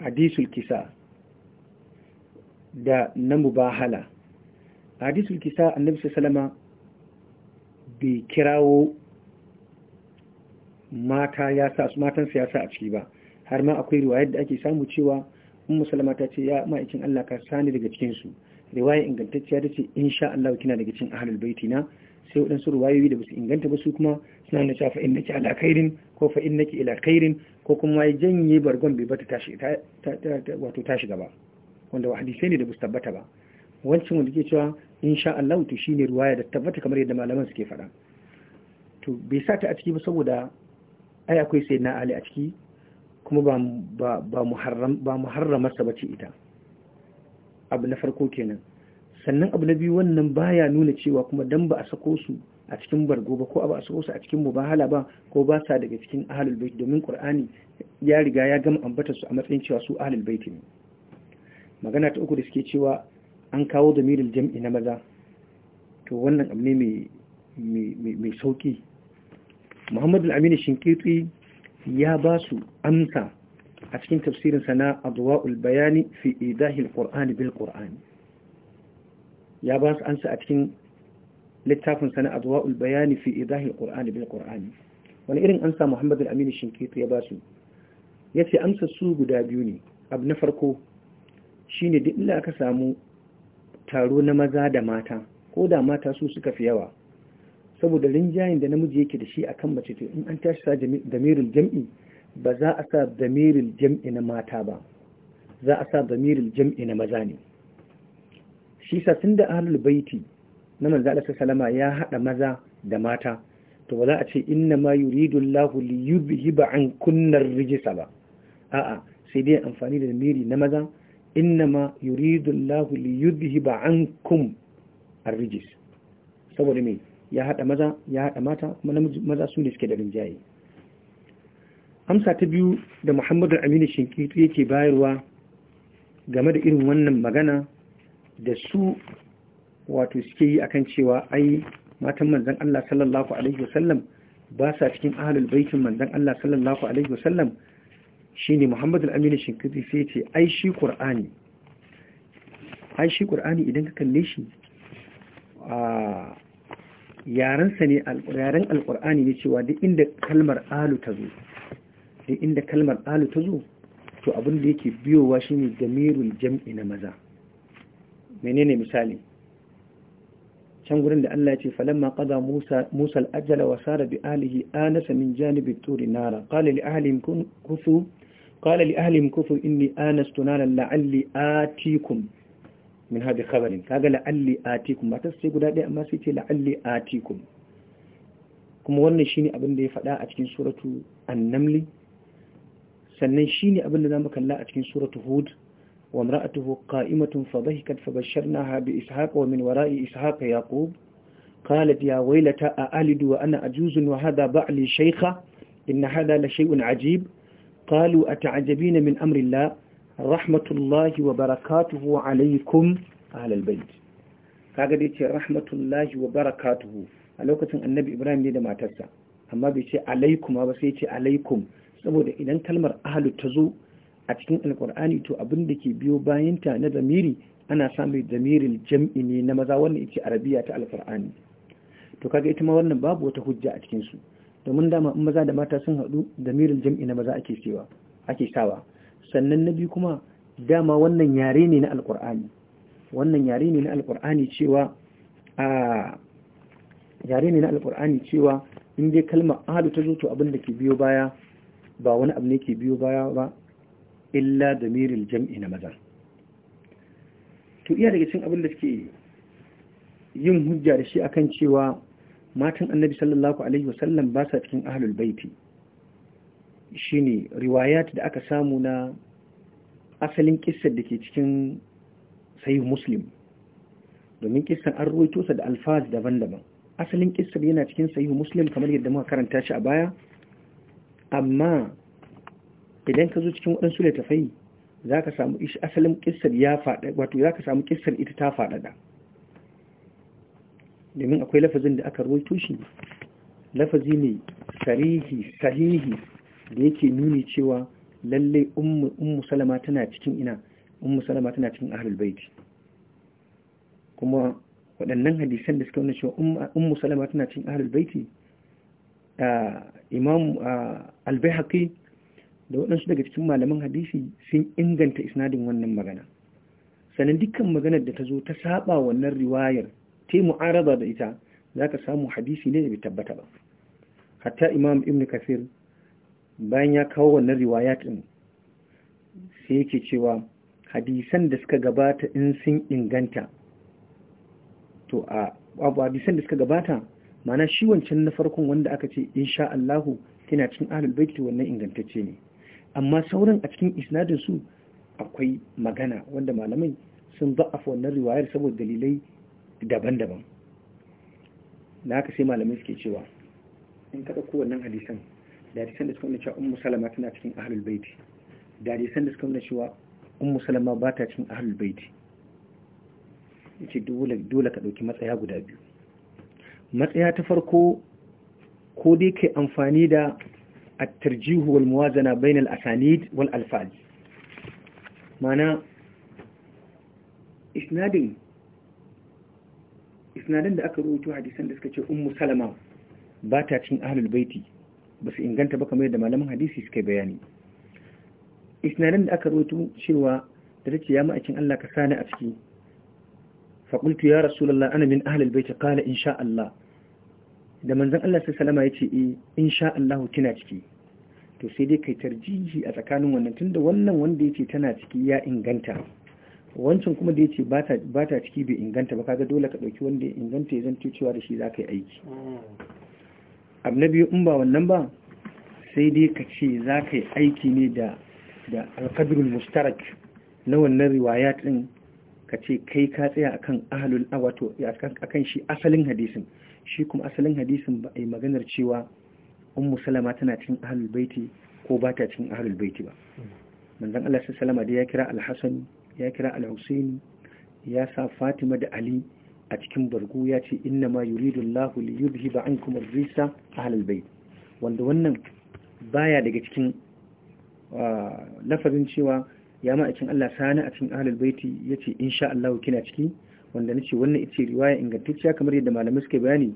hadisul kisa da na mubahala hadisul kisa annabi Salama bai kirawo mata ya sa su matan sa a ciki ba har ma akwai riwayar da ake samu cewa ummu salama ta ce ya ma'aikin Allah ka sani daga cikin su riwaya ingantacciya ta ce insha Allah kina daga cikin ahlul baiti na sai waɗansu riwayoyi da basu inganta ba su kuma suna na cewa fa innaki ala khairin ko fa innaki ila khairin ko kuma ya janye bargon bai bata tashi wato tashi gaba wanda hadisai ne da basu tabbata ba wancan wanda ke cewa insha Allah to shine riwaya da tabbata kamar yadda malaman suke faɗa to bai sa ta a ciki ba saboda ai akwai sai na ali a ciki kuma ba muharramarsa ba ce ita abu na farko kenan sannan abu na biyu wannan baya nuna cewa kuma dan ba a sako su a cikin bargo ba ko ba a sako su a cikin mubahala ba ko ba sa daga cikin ahlul bait domin qur'ani ya riga ya gama ambata su a matsayin cewa su ahlul bait ne magana ta uku da suke cewa an kawo damirul jam'i na maza to wannan abu ne mai mai sauki muhammad al-amin ya ba su amsa a cikin tafsirin sana adwa'ul bayani fi idahil qur'ani bil qur'ani ya ba su amsa a cikin littafin sana adwa'ul bayani fi idahil qur'ani bil qur'ani wani irin amsa muhammad al-amin shinkiti ya ba su Ya ce amsa su guda biyu ne abu na farko shine duk inda aka samu taro na maza da mata ko da mata su suka fi yawa saboda rinjayen da namiji yake da shi a kan mace to in an tashi sa damirin jam'i ba za a sa damirin jam'i na mata ba za a sa damirin jam'i na maza ne shi sa da ahalul baiti na manzo Allah sallama ya haɗa maza da mata to ba za a ce inna ma yuridu Allahu li yubhiba an kunnar rijsa ba a'a sai dai amfani da damiri na maza inna ma yuridu Allahu li yubhiba ankum ar-rijs saboda me ya haɗa maza ya haɗa mata kuma namiji maza su ne suke da rinjaye amsa ta biyu da muhammadu aminu shinkitu yake bayarwa game da irin wannan magana da su wato suke yi akan cewa ai matan manzan Allah sallallahu alaihi wasallam ba sa cikin ahlul baitin manzan Allah sallallahu alaihi wasallam shine Muhammadu aminu shinkitu sai ce ai shi Qur'ani ai shi Qur'ani idan ka kalle shi a ah, yarensa ne yaren alkur'ani ne cewa duk inda kalmar alu ta zo duk inda kalmar alu ta zo to abin da yake biyowa ne damirul jam'i na maza menene misali can gurin da Allah ya ce falamma qada Musa Musa al-ajala wa sara bi alihi anasa min janibi turi nara qala li ahlihim kufu qala li ahlihim kufu inni anastu nara la'alli atikum min hadi khabarin kaga la'alli atikum ba ta sai guda ɗaya amma sai ce la'alli atikum kuma wannan shine abin da ya faɗa a cikin suratu annamli sannan shi ne abin da zamu kalla a cikin suratu hud wa imra'atuhu qa'imatun fadhahikat fabashsharnaha bi ishaq wa min wara'i ishaq yaqub qalat ya waylata alidu wa ana ajuzun wa hadha ba'li shaykha in hadha la shay'un ajib qalu ata'jabina min amri rahmatullahi wa barakatuhu alaikum ahlal bait kaga dai ce rahmatullahi wa barakatuhu a lokacin annabi ibrahim ne da matarsa amma bai ce alaikum ba sai ce alaikum saboda idan kalmar ahlu ta zo a cikin alkur'ani to abin da ke biyo bayanta na zamiri ana samun zamirin jam'i ne na maza wannan ita arabiya ta alkur'ani to kaga ita ma wannan babu wata hujja a cikin su domin dama in maza da mata sun haɗu zamirin jam'i na maza ake cewa ake sawa sannan na biyu kuma dama wannan yare ne na alkur'ani wannan yare ne na alkur'ani cewa a yare ne na alkur'ani cewa in dai kalmar ahadu ta zo to abin da ke biyo baya ba wani abu ne ke biyo baya ba illa damiril jam'i na maza to iya daga cikin abin da suke yin hujja da shi akan cewa matan annabi sallallahu alaihi wasallam ba sa cikin ahlul baiti shine riwayat da aka samu na asalin kissar da ke cikin sayi muslim domin kissan an ruwaito sa da alfaz daban-daban asalin kissar yana cikin sayi muslim kamar yadda muka karanta shi a baya amma idan ka zo cikin waɗansu da tafai za ka samu asalin kissar ya faɗa wato za ka samu kissar ita ta faɗaɗa domin akwai lafazin da aka ruwaito shi lafazi ne sarihi sahihi da yake nuni cewa lalle ummu salama tana cikin ina ummu salama tana cikin ahlul kuma waɗannan hadisan da suka nuna cewa ummu salama tana cikin ahlul imam al da waɗansu daga cikin malaman hadisi sun inganta isnadin wannan magana sannan dukkan maganar da ta zo ta saba wannan riwayar ta mu'araba da ita zaka samu hadisi ne da bai tabbata ba hatta imam ibn kasir bayan ya kawo wannan riwaya ɗin sai yake cewa hadisan da suka gabata in sun inganta to a hadisan da suka gabata mana shi wancan na farkon wanda aka ce insha Allahu tana cikin ahlul baiti wannan ingantacce ne amma sauran a cikin isnadin su akwai magana wanda malamai sun ba'afa wannan riwayar saboda dalilai daban-daban na aka sai malamai suke cewa in ka ɗauko wannan hadisan da hadisan da suka nuna cewa ummu salama tana cikin ahlul baiti da da suka nuna cewa ummu salama ba ta cikin ahlul baiti yace dole dole ka dauki matsaya guda biyu matsaya ta farko ko dai kai amfani da at-tarjih wal muwazana bain al-asanid wal alfaz mana isnadin isnadin da aka rubuta hadisan da suka ce ummu salama ba ta cikin ahlul baiti ba su inganta ba kamar yadda malaman hadisi suka bayani isnanin da aka roto cewa da ta ce ya ma'aikin Allah ka sani a ciki faƙultu ya rasulallah ana min ahalil bai ta kala insha Allah da manzan Allah sai salama ya ce e insha Allah kina ciki to sai dai kai tarjihi a tsakanin wannan tunda wannan wanda ya ce tana ciki ya inganta wancan kuma da ya ce ba ta ciki bai inganta ba kaga dole ka ɗauki wanda ya inganta ya zan cewa da shi za ka yi aiki hmm. abu na biyu in ba wannan ba sai dai ka ce za ka yi aiki ne da da alkadirin mustarak na wannan riwaya ɗin ka ce kai ka tsaya akan awato akan shi asalin hadisin shi kuma asalin hadisin ba a yi maganar cewa in salama tana cikin ahlul baiti ko ba ta cikin ahlul baiti ba manzan Allah sallallahu salama da ya kira Alhassan, ya kira alhussaini ya sa Fatima da Ali a cikin bargo ya ce inna ma yuridu Allahu li an ankum ar-risa ahlal bayt wanda wannan baya daga cikin ah, lafazin cewa ya ma cikin Allah sani a cikin ahlal baiti yace insha Allah kina ciki wanda nace wannan ita riwaya ingantacciya kamar yadda malamai suka bayani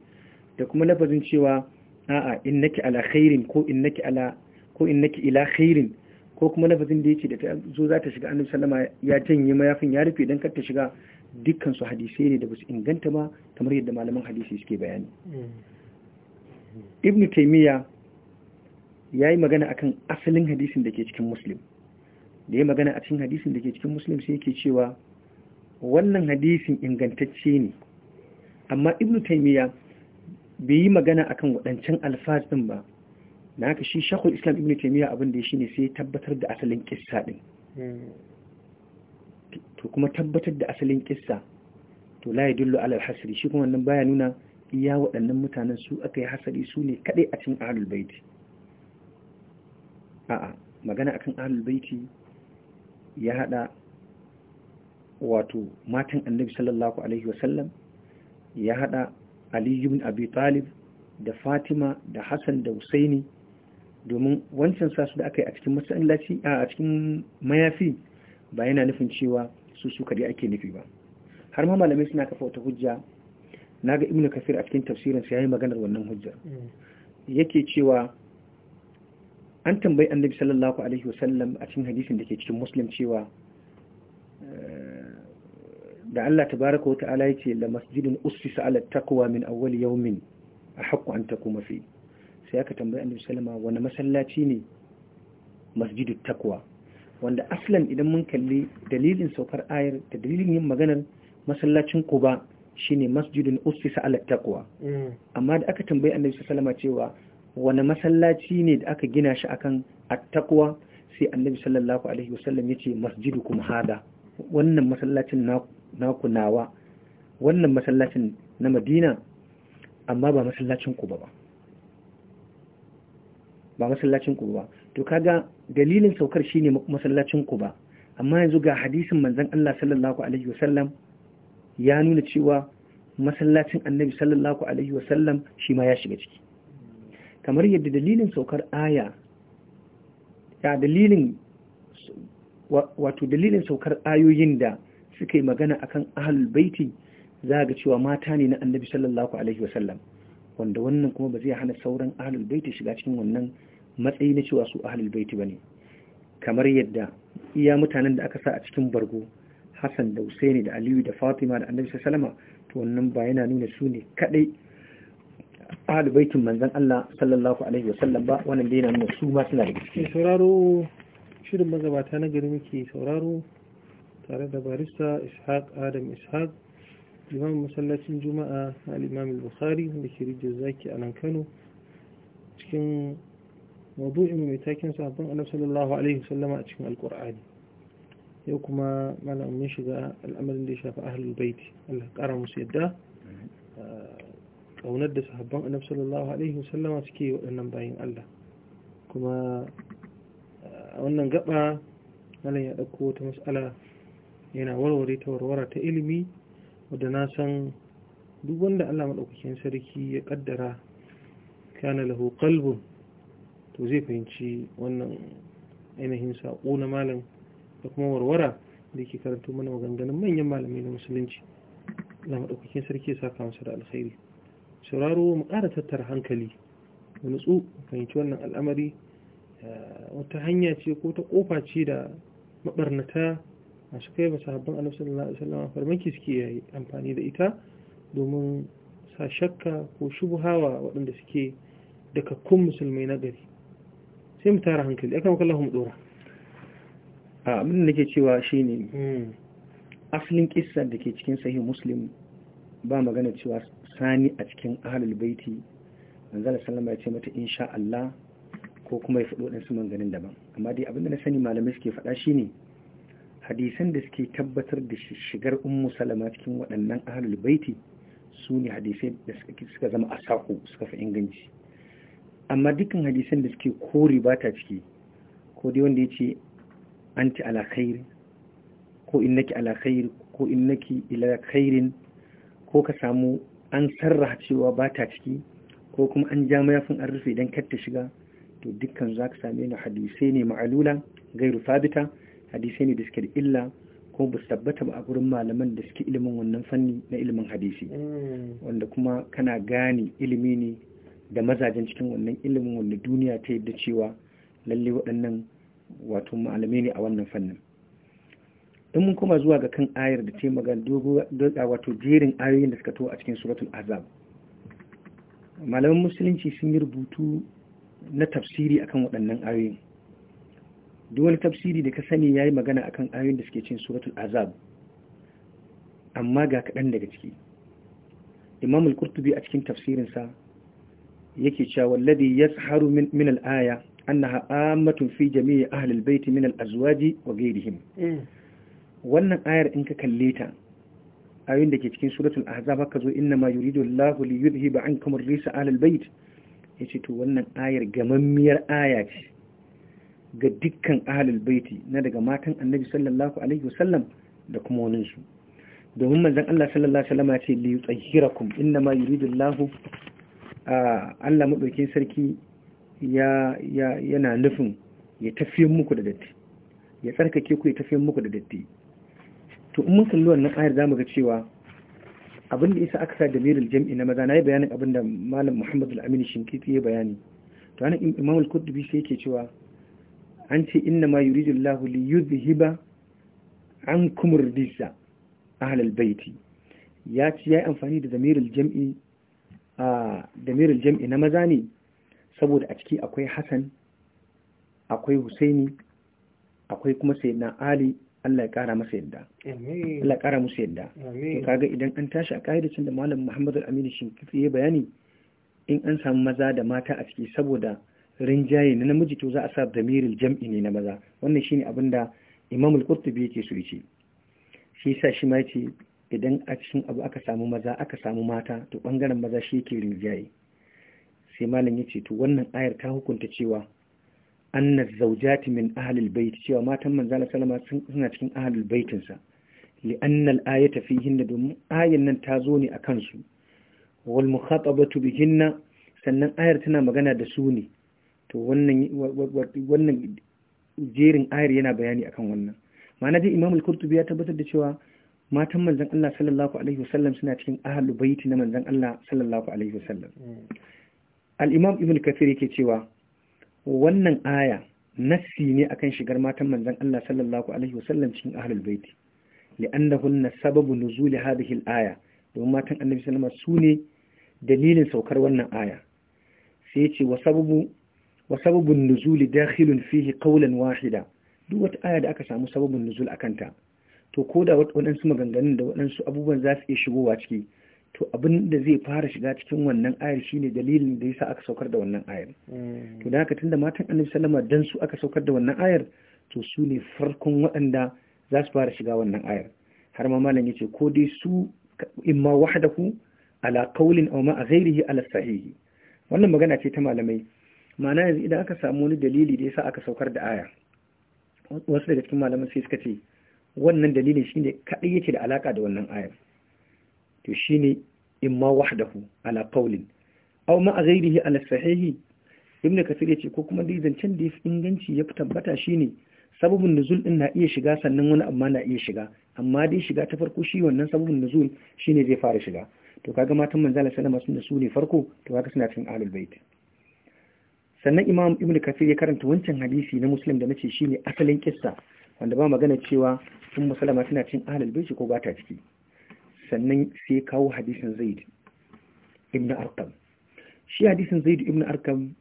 da kuma lafazin cewa a'a innaki ala khairin ko innaki ala ko innaki ila khairin ko kuma lafazin da yace da ta zo za ta shiga annabi sallama ya janye mayafin ya rufe dan kar ta shiga dukkan su hadisai ne da basu inganta ba kamar yadda malaman hadisi suke bayani ibn taymiya yayi magana akan asalin hadisin da ke cikin muslim da ya magana a cikin hadisin da ke cikin muslim sai yake cewa wannan hadisin ingantacce ne amma ibn taymiya bai yi magana akan waɗancan alfaz ɗin ba na haka shi shakul islam ibn taymiya abin da ya ne sai tabbatar da asalin kissa ɗin to kuma tabbatar da asalin kissa to la yadullu ala alhasri shi kuma wannan baya nuna iya waɗannan mutanen su aka yi hasari su ne kaɗai a cikin ahlul baiti a'a magana akan ahlul baiti ya hada wato matan annabi sallallahu alaihi wa sallam, ya hada ali ibn abi talib da fatima da hassan da husaini domin wancan sasu da aka yi a cikin masallaci a cikin mayafi ba yana nufin cewa su su ake nufi ba har ma malamai suna kafa wata hujja na ga ibnu kafir a cikin tafsirin ya yayi maganar wannan hujjar mm. yake cewa an tambayi annabi sallallahu alaihi wasallam a cikin hadisin da ke cikin muslim cewa eh, da Allah tabaraka wa ta'ala yake la masjidun ussisa ala taqwa min awwal yawmin ahqqu an takuma fi sai aka tambayi annabi sallama wani masallaci ne masjidut taqwa wanda aslan idan mun kalli dalilin saukar ayar da dalilin yin maganar masallacin shi shine masjidin usfisa ala mm. amma da aka tambayi annabi sallama cewa wani masallaci ne da aka gina shi akan at-taqwa sai annabi sallallahu alaihi wasallam masjidu kuma hada wannan masallacin naku nawa wannan masallacin na Madina amma ba masallacin ku ba ba masallacin ba to kaga dalilin saukar shine masallacin ba, amma yanzu ga hadisin manzon Allah sallallahu alaihi wasallam ya nuna cewa masallacin Annabi sallallahu alaihi wasallam shi ma ya shiga ciki kamar yadda dalilin saukar aya ya dalilin wato dalilin saukar ayoyin da suka yi magana akan ahlul baiti za ga cewa mata ne na Annabi sallallahu alaihi wasallam wanda wannan kuma ba zai hana sauran ahlul baiti shiga cikin wannan matsayi na cewa su ahlul baiti ba ne kamar yadda iya mutanen da aka sa a cikin bargo Hassan da Husaini da Aliyu da Fatima da Annabi sallama to wannan ba yana nuna su ne kadai ahlul baitin manzon Allah sallallahu alaihi wasallam ba wannan dai yana nuna su ma suna da gaske sauraro shirin magabata na gari muke sauraro tare da barista Ishaq Adam Ishaq imam masallacin juma'a na al-imam al-bukhari da shirin zaki a nan Kano cikin maudu'in mai taken sabon annabi sallallahu alaihi wasallama a cikin alkur'ani yau kuma mana mun shiga al'amarin da ya shafi ahlul baiti Allah kara musu yadda kaunar da sahabban annabi sallallahu alaihi wasallama suke waɗannan bayin Allah kuma a wannan gaba malam ya ɗauko wata matsala yana warware ta warwara ta ilimi wadda na san duk wanda Allah maɗaukakin sarki ya ƙaddara kana lahu qalbun to zai fahimci wannan ainihin saƙo na malam da kuma warwara da ke karanto mana maganganun manyan malamai na musulunci na maɗaukakin sarki sa kamsa da alkhairi sauraro mu ƙara tattara hankali mu nutsu fahimci wannan al'amari eh, wata hanya ce ko ta ƙofa ce da maɓarnata masu kai masahabban annabi sallallahu alaihi wasallam farmaki suke yi amfani da ita domin sa shakka ko shubuhawa waɗanda suke dakakkun musulmai na gari sai mu tara hankali akan kallon mu dora a abin da nake cewa shine hmm. asalin kissa da ke cikin sahih muslim ba magana cewa sani a cikin ahlul baiti manzala wasallam ya ce mata insha Allah ko kuma ya faɗo su manganin daban amma dai abin da na sani malamai suke faɗa shine hadisan da suke tabbatar da shigar ummu salama cikin waɗannan ahlul baiti su ne hadisai da suka zama a sako suka fi inganci amma dukkan hadisan da suke kore ba ta ciki ko dai wanda ya ce an ci alakairi ko in naki alakairi ko in naki ilakairin ko ka samu an sarraha cewa ba ta ciki ko kuma an ja mayafin an rufe don katta shiga to dukkan za ka same ni hadisai ne ma'alula gairu sabita hadisai ne da suke da illa ko ba su tabbata ba a gurin malaman da suke ilimin wannan fanni na ilimin hadisi mm. wanda kuma kana gane ilimi ne da mazajen cikin wannan ilimin wanda duniya ta yadda cewa lalle waɗannan wato malamai ne a wannan fannin in mun kuma zuwa ga kan ayar da dogara wato jerin ayoyin da suka to a cikin suratul azab malaman musulunci sun yi rubutu na tafsiri akan waɗannan ayoyin duk wani tafsiri da ka sani ya yi magana akan ayoyin da suke cin suratul azab amma ga kaɗan daga ciki imamul kurtubi a cikin tafsirinsa yake cewa wallazi yasharu min al-aya annaha amatu fi jami'i ahli al bayt min al-azwaji wa ghayrihim eh. wannan ayar in ka kalle ta ayoyin da ke cikin suratul ahzab ka zo inna ma yuridu Allahu li yudhhiba ankum ar-risa ahli al bayt yace to wannan ayar gamammiyar aya ce ga dukkan ahli al bayt na daga matan annabi sallallahu alaihi wasallam da kuma su. domin manzon Allah sallallahu alaihi wasallam ya ce li yutahhirakum inna ma yuridu Allahu Allah maɗauki sarki yana nufin ya tafiye muku da datti ya tsarkake ku ya tafiye muku da datti to in mun wannan ayar zamu ga cewa abinda isa aka sa damirul jam'i na maza na yi bayanin abinda malam Muhammadu al-Amin Shinkiti ya bayani to anan Imam al-Qurtubi sai yake cewa an ce inna ma yuridu Allahu li yuzhiba ankum rijsa ahlal baiti ya ya yayi amfani da damirul jam'i damirul jam'i na maza ne saboda a ciki akwai Hassan akwai Husaini akwai kuma na Ali Allah ya kara masa yadda Allah ya kara musu yadda kaga idan an tashi a kaidacin da Malam Muhammadu Aminu shi ya bayani in an samu maza da mata a ciki saboda rinjaye na namiji to za a sa damirul jam'i ne na maza wannan shi shine abinda Imam Al-Qurtubi yake so ya ce. shi sa shi ma ce. idan a cikin abu aka samu maza aka samu mata to bangaren maza shi yake rinjaye sai malam ya ce to wannan ayar ta hukunta cewa anna zawjati min ahlil bait cewa matan manzala sallama suna cikin ahlil baitinsa li anna al-ayata hinna domin ayan nan ta zo ne akan su wal mukhatabatu bihinna sannan ayar tana magana da su ne to wannan wannan jerin ayar yana bayani akan wannan ma'ana dai imam qurtubi ya tabbatar da cewa matan manzan Allah sallallahu alaihi wasallam suna cikin ahlul baiti na manzan Allah sallallahu alaihi wasallam hmm. al-imam ibn kathir yake cewa wannan aya nassi ne akan shigar matan manzan Allah sallallahu alaihi wasallam cikin ahlul baiti li'annahunna sababu nuzuli hadhihi al-aya domin matan annabi sallallahu alaihi sune dalilin saukar wannan aya sai yace wa sababu wa nuzuli dakhilun fihi qawlan wahida duk wata aya da aka samu sababun nuzul akanta to ko da waɗansu maganganun da waɗansu abubuwan za su iya shigowa ciki to abin da zai fara shiga cikin wannan ayar shine dalilin da yasa aka saukar da wannan ayar mm. to da haka tunda matan annabi sallama dan su aka saukar da wannan ayar to su ne farkon waɗanda za su fara shiga wannan ayar har ma malam yace ko dai su imma wahdahu ala qawlin aw ma ghayrihi ala sahihi wannan magana ce ta malamai ma'ana yanzu idan aka samu wani dalili da yasa aka saukar da aya wasu daga cikin malaman sai suka ce wannan dalilin shi ne kadai yake da alaƙa da wannan ayar to shi ne shine imma wahdahu ala qawlin au ma ghayrihi ala sahihi ibn kasir ce ko kuma dai zancen da fi inganci ya fi tabbata shi ne sababin nuzul ɗin na iya shiga sannan wani amma na iya shiga amma dai shiga ta farko shi wannan sababin nuzul shi ne zai fara shiga to kaga matan manzala sallama sun da su ne farko to kaga suna cikin ahlul bait sannan imam ibn kasir ya karanta wancan hadisi na muslim da nace ne asalin kissa wanda ba magana cewa sun musulama suna cin ahalal bai ko ba ta ciki sannan sai kawo hadisin zaid ibn arkam shi hadisin zaid ibn arkam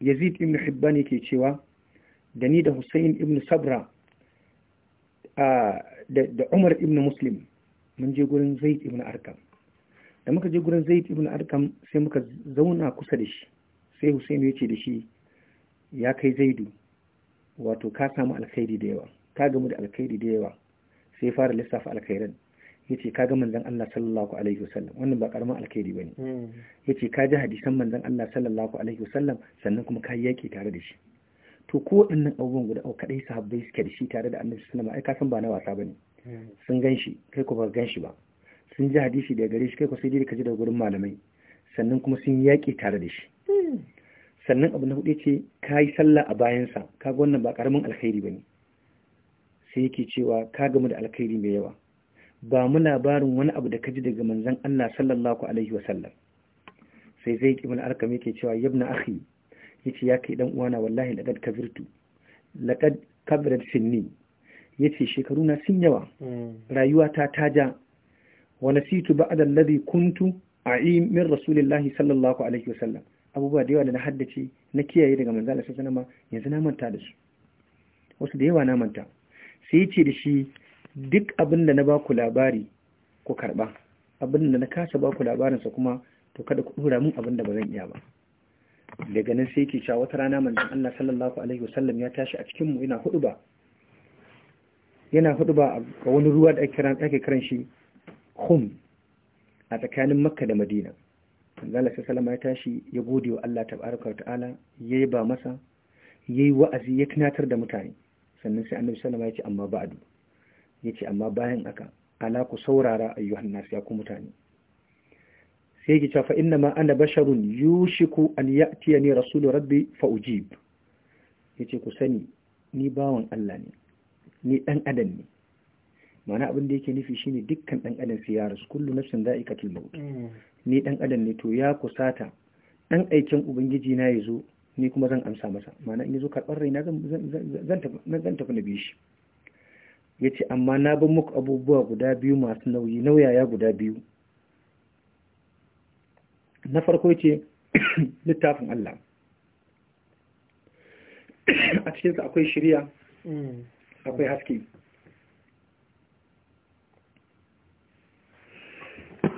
yazid ibn hibban ke cewa da ni da hussein ibn sabra da umar ibn muslim mun je gurin zaid ibn arkam da muka je gurin zaid ibn arkam sai muka zauna kusa da shi sai hussein ya ce da shi ya kai zaidu wato ka samu alkhairi da yawa ka gamu da alkhairi da yawa sai fara lissafa alkhairan ce ka ga manzan Allah sallallahu alaihi wasallam wannan ba karamin alkhairi ba ne. Ya ce ka ji hadisan manzan Allah sallallahu alaihi wasallam sannan kuma ka yi yaƙi tare da shi to ko waɗannan abubuwan guda au kadai sahabbai suke da shi tare da Annabi sallallahu alaihi wasallam ai ka san ba na wasa bane sun ganshi kai ko ba ganshi ba sun ji hadisi daga gare shi kai ko sai dai ka ji daga gurin malamai sannan kuma sun yaƙi tare da shi sannan abu na hudu ce ka yi sallah a bayansa ka ga wannan ba karamin alkhairi bane sai yake cewa ka gamu da alkhairi mai yawa ba mu labarin wani abu da ka ji daga manzon Allah sallallahu alaihi wasallam sai zai mun arkam yake cewa yabna akhi yace ya kai dan uwana wallahi laqad kabirtu laqad kabirat sinni yace shekaru na sun yawa hmm. rayuwa ta ja wa nasitu ba'da alladhi kuntu a'im min rasulillahi sallallahu alaihi wasallam abubuwa da yawa da na haddace na kiyaye daga manzon Allah sallallahu alaihi wasallam yanzu na manta da su wasu da yawa na manta sai ce da shi duk abin da na ba ku labari ku karɓa abin da na kasa ba ku labarinsa kuma to kada ku ɗora mun abin da ba zan iya ba daga nan sai ke cewa wata rana manzon Allah sallallahu alaihi wasallam ya tashi a cikin mu ina hudu ba yana hudu ba a wani ruwa da ake kiran shi khum a tsakanin Makka da Madina manzon Allah sallallahu ya tashi ya gode wa Allah tabaraka wa ta'ala yayi ba masa yayi wa'azi ya tunatar da mutane sannan sai annabi sallama ya ce amma ba'du ya ce amma bayan aka ala ku saurara ayyuhan nas ya ku mutane sai yake cewa fa inna ma ana basharun yushiku an ya'tiya ni rasulu rabbi fa ujib yace ku sani ni bawan Allah ne ni dan adam ne ma'ana abin da yake nufi shine dukkan dan adam sai ya rasu kullu nafsin za'iqatul maut mm. ni dan adam ne to ya kusata dan aikin ubangiji na yazo ni kuma zan amsa masa mana in yazo karɓar raina zan tafi na shi. ya ce amma na bin muku abubuwa guda biyu masu nauyi nauyaya guda biyu na farko ce [CLEARS THROAT] littafin Allah [CLEARS THROAT] a cikinsa akwai shirya mm. akwai haske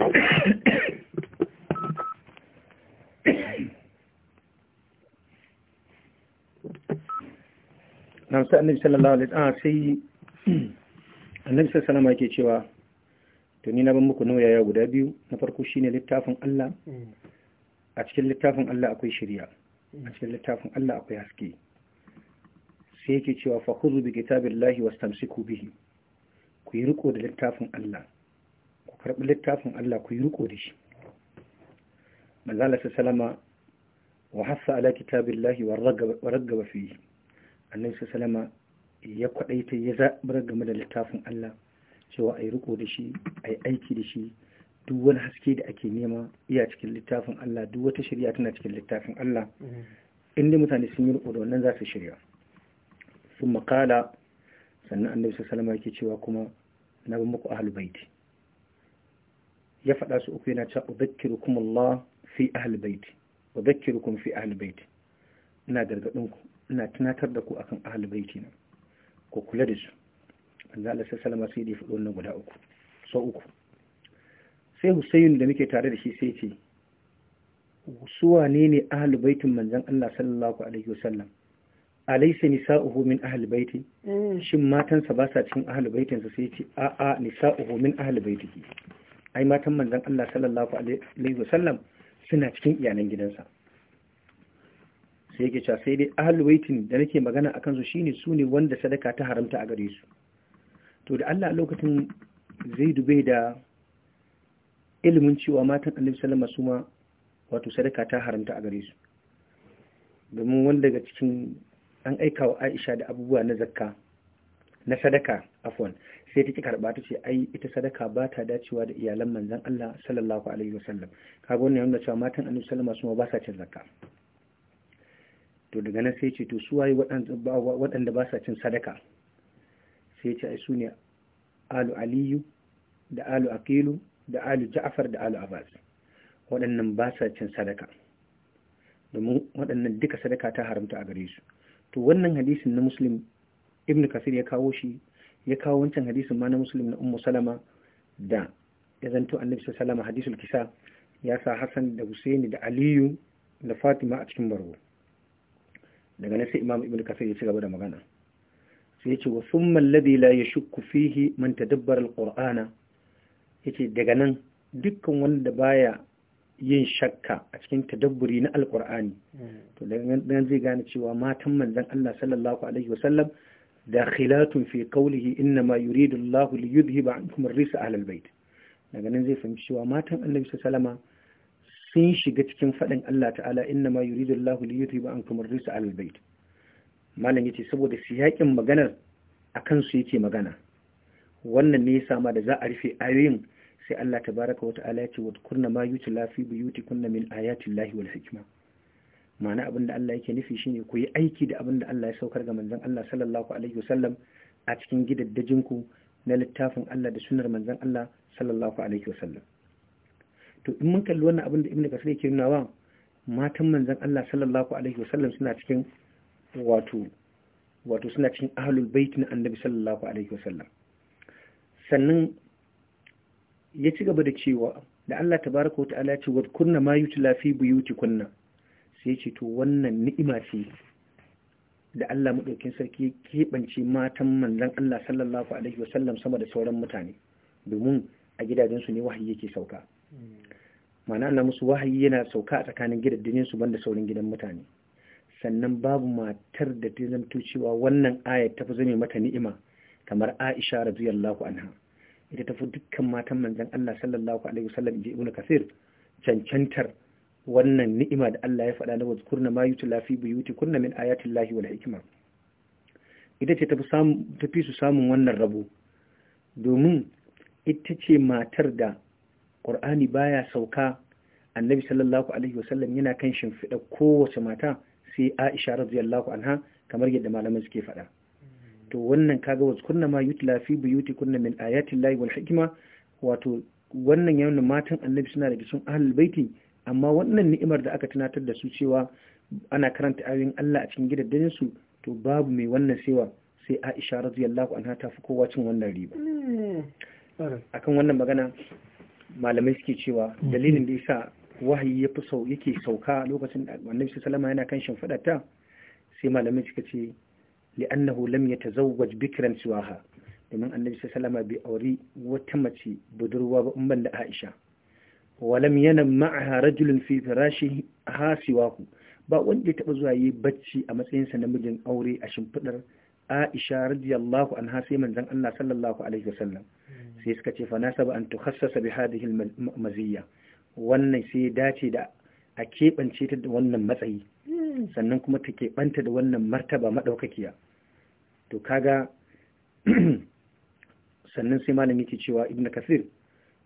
[COUGHS] [CLEARS THROAT] na sai annabi sallallahu alaihi wasallam ah, sai [CLEARS THROAT] annabi sallallahu alaihi yake cewa to ni na ban muku nauyaya guda biyu na farko shine littafin Allah mm. a cikin littafin Allah akwai shari'a a cikin littafin Allah akwai haske sai yake cewa fa khudhu bi kitabillahi wastamsiku bihi ku yi riko da littafin Allah ku karbi littafin Allah ku yi riko da shi manzala sallama wa hassa ala kitabillahi wa raggaba fihi annabi sallama ya kwadaita ya zabar game da littafin Allah cewa a yi riko da shi a yi aiki da shi duk wani haske da ake nema iya cikin littafin Allah duk wata shirya tana cikin littafin Allah mm-hmm. inda mutane sun yi riko da wannan za su shirya sun makala sannan annabi salama yake cewa kuma na bi muku ahal baiti ya faɗa su uku yana cewa kuma Allah fi ahal baiti kuma fi ahal baiti ina gargaɗin ku ina tunatar da ku akan ahalibaiti baiti na ku kula da su manzo Allah sallallahu alaihi sai dai faɗo nan guda uku so uku sai hussein da muke tare da shi sai ce su wane ne ahal baitin manzon Allah sallallahu alaihi wasallam alaysa nisa'uhu min ahalibaiti baiti mm. shin matansa ba sa cikin ahalibaitinsa sai ce a a nisa'uhu min ahalibaiti ai matan manzon Allah sallallahu alaihi wasallam suna cikin iyalan gidansa sai yake cewa sai dai ahlul baitin da nake magana akan su shine su ne wanda sadaka ta haramta a gare su to da Allah a lokacin zai dube da ilimin cewa matan Annabi sallallahu alaihi wasallam sadaka ta haramta a gare su domin wanda daga cikin an aika wa Aisha da abubuwa na zakka na sadaka afwan sai ta ki karba ta ce ai ita sadaka ba ta dacewa da iyalan manzon Allah sallallahu alaihi wasallam kaga wannan yana cewa matan Annabi sallallahu alaihi wasallam ba sa cin zakka to daga nan sai ce to su waye waɗanda ba sa cin sadaka sai ce su ne alu aliyu da alu akilu da alu ja'afar da alu abbas waɗannan ba sa cin sadaka domin waɗannan duka sadaka ta haramta a gare su to wannan hadisin na muslim ibn kasir ya kawo shi ya kawo wancan hadisin ma na muslim na ummu salama da ya zanto annabi salama hadisul kisa ya sa hasan da husaini da aliyu da fatima a cikin barwo daga nan sai imam ibn kasir ya ci gaba da magana sai yace wa thumma alladhi la yashukku fihi man tadabbara alqur'ana yace daga nan dukkan wanda baya yin shakka a cikin tadabburi na alqur'ani to daga nan zai gane cewa matan manzon Allah sallallahu alaihi wasallam dakhilatun fi qawlihi inna ma yuridu Allahu li yudhhiba ankum ar-risa ahlal bait daga nan zai fahimci cewa matan Annabi sallallahu alaihi sun shiga cikin faɗin Allah ta'ala inna ma yuridu Allahu li yuthiba ankum ar-risa 'ala al-bayt malam yace saboda siyakin maganar akan su yake magana wannan ne yasa sama da za a rufe ayoyin sai Allah tabaraka wa ta'ala yace wa kunna ma yutla fi kunna min ayati Allahi wal hikma ma'ana da Allah yake nufi shine ku yi aiki da abin da Allah ya saukar ga manzon Allah sallallahu alaihi wasallam a cikin gidaddajinku na littafin Allah da sunnar manzon Allah sallallahu alaihi wasallam to in mun kalli wannan abin da ibnu kasir yake nuna wa matan manzon Allah sallallahu alaihi wasallam suna cikin wato wato suna cikin ahlul bait na annabi sallallahu alaihi wasallam sannan ya ci gaba da cewa da Allah ta'ala ya ce wa kunna ma yutla fi buyutikunna sai ce to wannan ni'ima ce da Allah madaukin sarki ya kebance matan manzon Allah sallallahu alaihi wasallam sama da sauran mutane domin a gidajen su ne wahayi yake sauka hmm. ma'ana Allah musu wahayi yana sauka a tsakanin gidaddinin su banda saurin gidan mutane sannan babu matar da ta zamto cewa wannan ayat ta fi zame mata ni'ima kamar Aisha radiyallahu anha ita ta fi dukkan matan manzon Allah sallallahu alaihi wasallam je Ibn Kathir cancantar wannan ni'ima da Allah ya faɗa na wazkurna ma yutla fi kunna min ayatillahi wal hikma ita ce ta fi su samun wannan rabo domin ita ce matar da ƙur'ani baya sauka annabi sallallahu alaihi wasallam yana kan shimfiɗa kowace mata sai aisha radiyallahu anha kamar yadda malamai suke faɗa to wannan kaga wasu kunna ma yutla fi buyuti kunna min ayatin layi wal hikima wato wannan yana matan annabi suna da sun ahlul baiti amma wannan ni'imar da aka tunatar da su cewa ana karanta ayoyin Allah a cikin gidajen su to babu mai wannan sewa sai Aisha radiyallahu anha ta fi kowa cin wannan riba hmm. akan wannan magana malamai suke cewa dalilin da yasa wahayi ya fi sau yake sauka lokacin da annabi sallama yana kan ta sai malamai suka ce li'annahu lam yatazawwaj bikran siwaha domin annabi sallama bai auri wata mace budurwa ba in banda Aisha Aisha walam yana ma'aha rajulun fi firashi ha siwahu ba wanda ya taba zuwa yi bacci a matsayinsa namijin aure a shimfidar Aisha radiyallahu anha sai manzon Allah sallallahu alaihi wasallam sai suka ce fa nasaba an tukhassasa bi hadhihi maziyya wannan sai dace da a keɓance ta da wannan matsayi sannan kuma ta keɓanta da wannan martaba madaukakiya to kaga [CLEARS THROAT] sannan sai malami ke cewa ibn kasir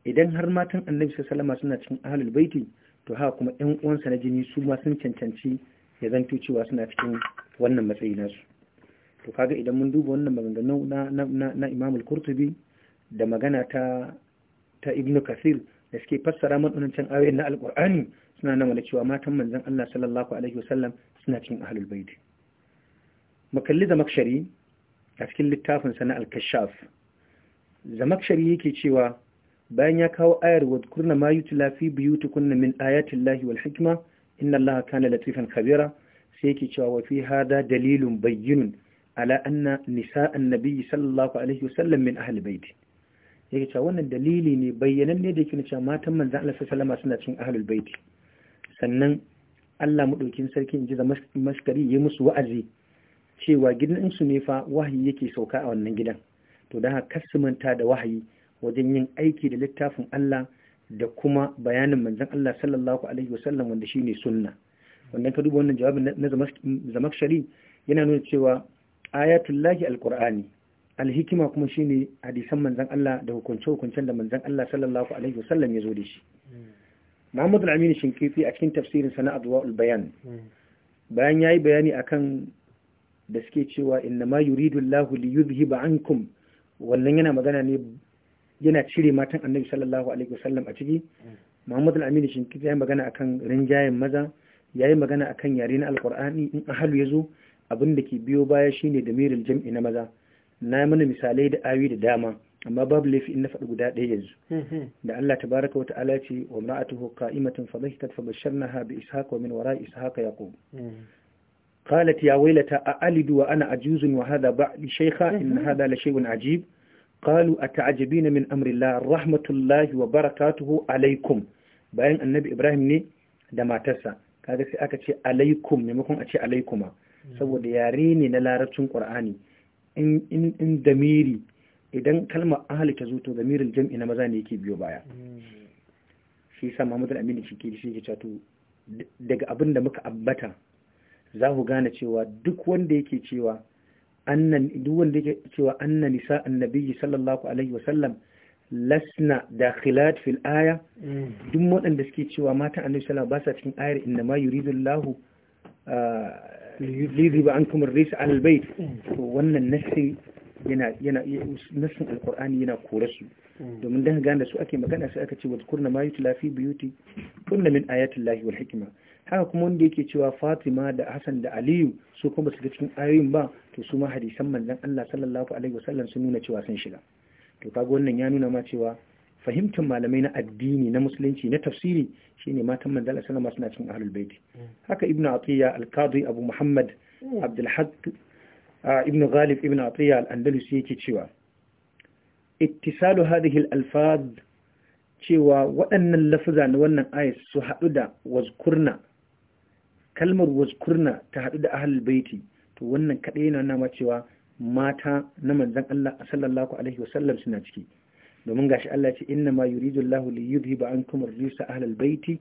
idan har matan annabi sallama suna cikin ahlul baiti to haka kuma ƴan uwansa na jini su ma sun cancanci ya zanto cewa suna cikin wannan matsayi nasu to kaga idan mun duba wannan maganganu na na na Imam al-Qurtubi da magana ta ta Ibn Kathir da suke fassara madancan ayoyin na Al-Qur'ani suna nan wala cewa matan manzon Allah sallallahu alaihi wasallam suna cikin ahlul bait makalli makshari a cikin littafin sa na al-Kashaf zamakshari yake cewa bayan ya kawo ayar kurna ma yutla fi buyutikunna min ayati Allahi wal hikma inna Allaha kana latifan khabira sai yake cewa wa fi hada dalilun bayyinun ala anna nisa'an nabiyyi sallallahu alaihi wasallam min ahli baiti yake cewa wannan dalili ne bayyanan ne da yake cewa matan manzon Allah sallallahu alaihi suna cikin ahlul baiti sannan Allah mudaukin sarki inji da maskari ya musu wa'azi cewa gidan su ne fa wahayi yake sauka a wannan gidan to da haka kasumanta da wahayi wajen yin aiki da littafin Allah da kuma bayanin manzon Allah sallallahu alaihi wasallam wanda shine sunna wannan ka duba wannan jawabin na zamakshari yana nuna cewa lahi alqur'ani alhikima kuma shine hadisan manzon Allah da hukunce-hukuncen da manzon Allah sallallahu alaihi wasallam ya zo da shi Muhammad al-Amin Shinkifi a cikin tafsirin da wa'ul Bayan bayan yayi bayani akan da suke cewa inna ma yuridu Allahu li yuzhiba ankum wannan yana magana ne yana cire matan Annabi sallallahu alaihi wasallam a ciki Muhammad al-Amin Shinkifi yayi magana akan rinjayen maza yayi magana akan yare na alqur'ani in ahalu yazo abin da ke biyo baya shine da miril jam'i na maza na mana misalai da awi da dama amma babu laifi in na faɗi guda ɗaya yanzu mm-hmm. da Allah tabaraka wa ta'ala ce wa imra'atuhu qa'imatun fa dhahikat fa basharnaha bi ishaq wa min wara'i ishaq yaqub mm-hmm. qalat ya wailata a alidu wa ana ajuzun wa hadha ba'li shaykha mm-hmm. in hadha la shay'un ajib qalu ata'jabina min amri Allah rahmatullahi wa barakatuhu alaykum bayan annabi Ibrahim ne da matarsa kaga sai aka ce alaikum maimakon a ce alaikuma saboda yare ne na larabcin qur'ani in damiri idan kalmar ahali ta zo to damirin jam'i na maza ne yake biyo baya shi sa Muhammad amin shi ke shi ke daga abin da muka abbata za ku gane cewa duk wanda yake cewa annan duk wanda yake cewa annan nisa annabi sallallahu alaihi wa sallam lasna dakhilat fil aya duk waɗanda suke cewa mata annabi sallallahu alaihi wa sallam ba sa cikin ayar inna ma yuridullahu ah, liyuziba ankum ar-rijs 'ala al-bayt to wannan nassi yana yana nassin alqur'ani yana kore su domin dan da su ake magana sai aka ce wa kurna ma yutla fi buyuti kunna min ayati llahi wal hikma haka kuma wanda yake cewa Fatima da hasan da Aliyu su kuma su ga cikin ayoyin ba to su ma hadisan manzon Allah sallallahu alaihi wasallam sun nuna cewa sun shiga to kaga wannan ya nuna ma cewa fahimtar malamai na addini na musulunci na tafsiri shine matan manzala sallama suna cin ahlul baiti haka ibnu atiya al-qadi abu muhammad abdul haq ibn ghalib ibn atiya al-andalusi yake cewa ittisalu hadhihi al-alfaz cewa waɗannan lafuza na wannan aya su haɗu da wazkurna kalmar wazkurna ta haɗu da ahlul baiti to wannan kaɗai yana nama cewa mata na manzan Allah sallallahu alaihi wasallam suna ciki domin gashi Allah ce inna ma yuridu Allahu li yudhiba ankum ar-rijsa ahlal baiti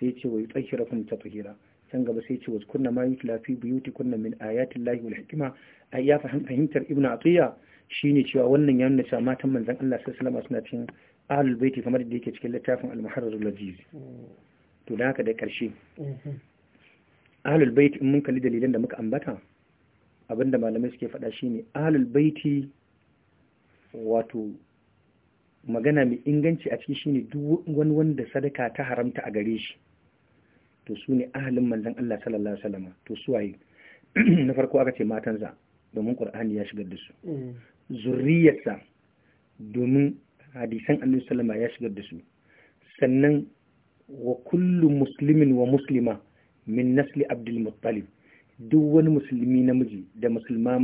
sai ce wa yutahhirakum tatheera can gaba sai ce wa kunna ma yutla fi buyutikunna min ayati Allahi wal hikma ai ya fahimtar Ibn Atiyya shine cewa wannan ya nuna cewa matan manzon Allah sallallahu alaihi wasallam suna cikin ahlul baiti kamar da yake cikin littafin al-Muharrar al-Aziz to da haka da karshe ahlul baiti in mun kalli dalilan da muka ambata abinda malamai suke faɗa shine ahlul baiti wato magana mai inganci a ciki shine duk wani wanda sadaka ta haramta a gare shi to su ne ahalin manzon Allah sallallahu alaihi wasallam to su waye [CLEARS THROAT] na farko aka ce matansa domin Qur'ani ya shigar da su mm. zurriyarsa domin hadisan Annabi sallallahu ya shigar da su sannan wa kullu muslimin wa muslima min nasli Abdul Muttalib duk wani musulmi namiji da musulma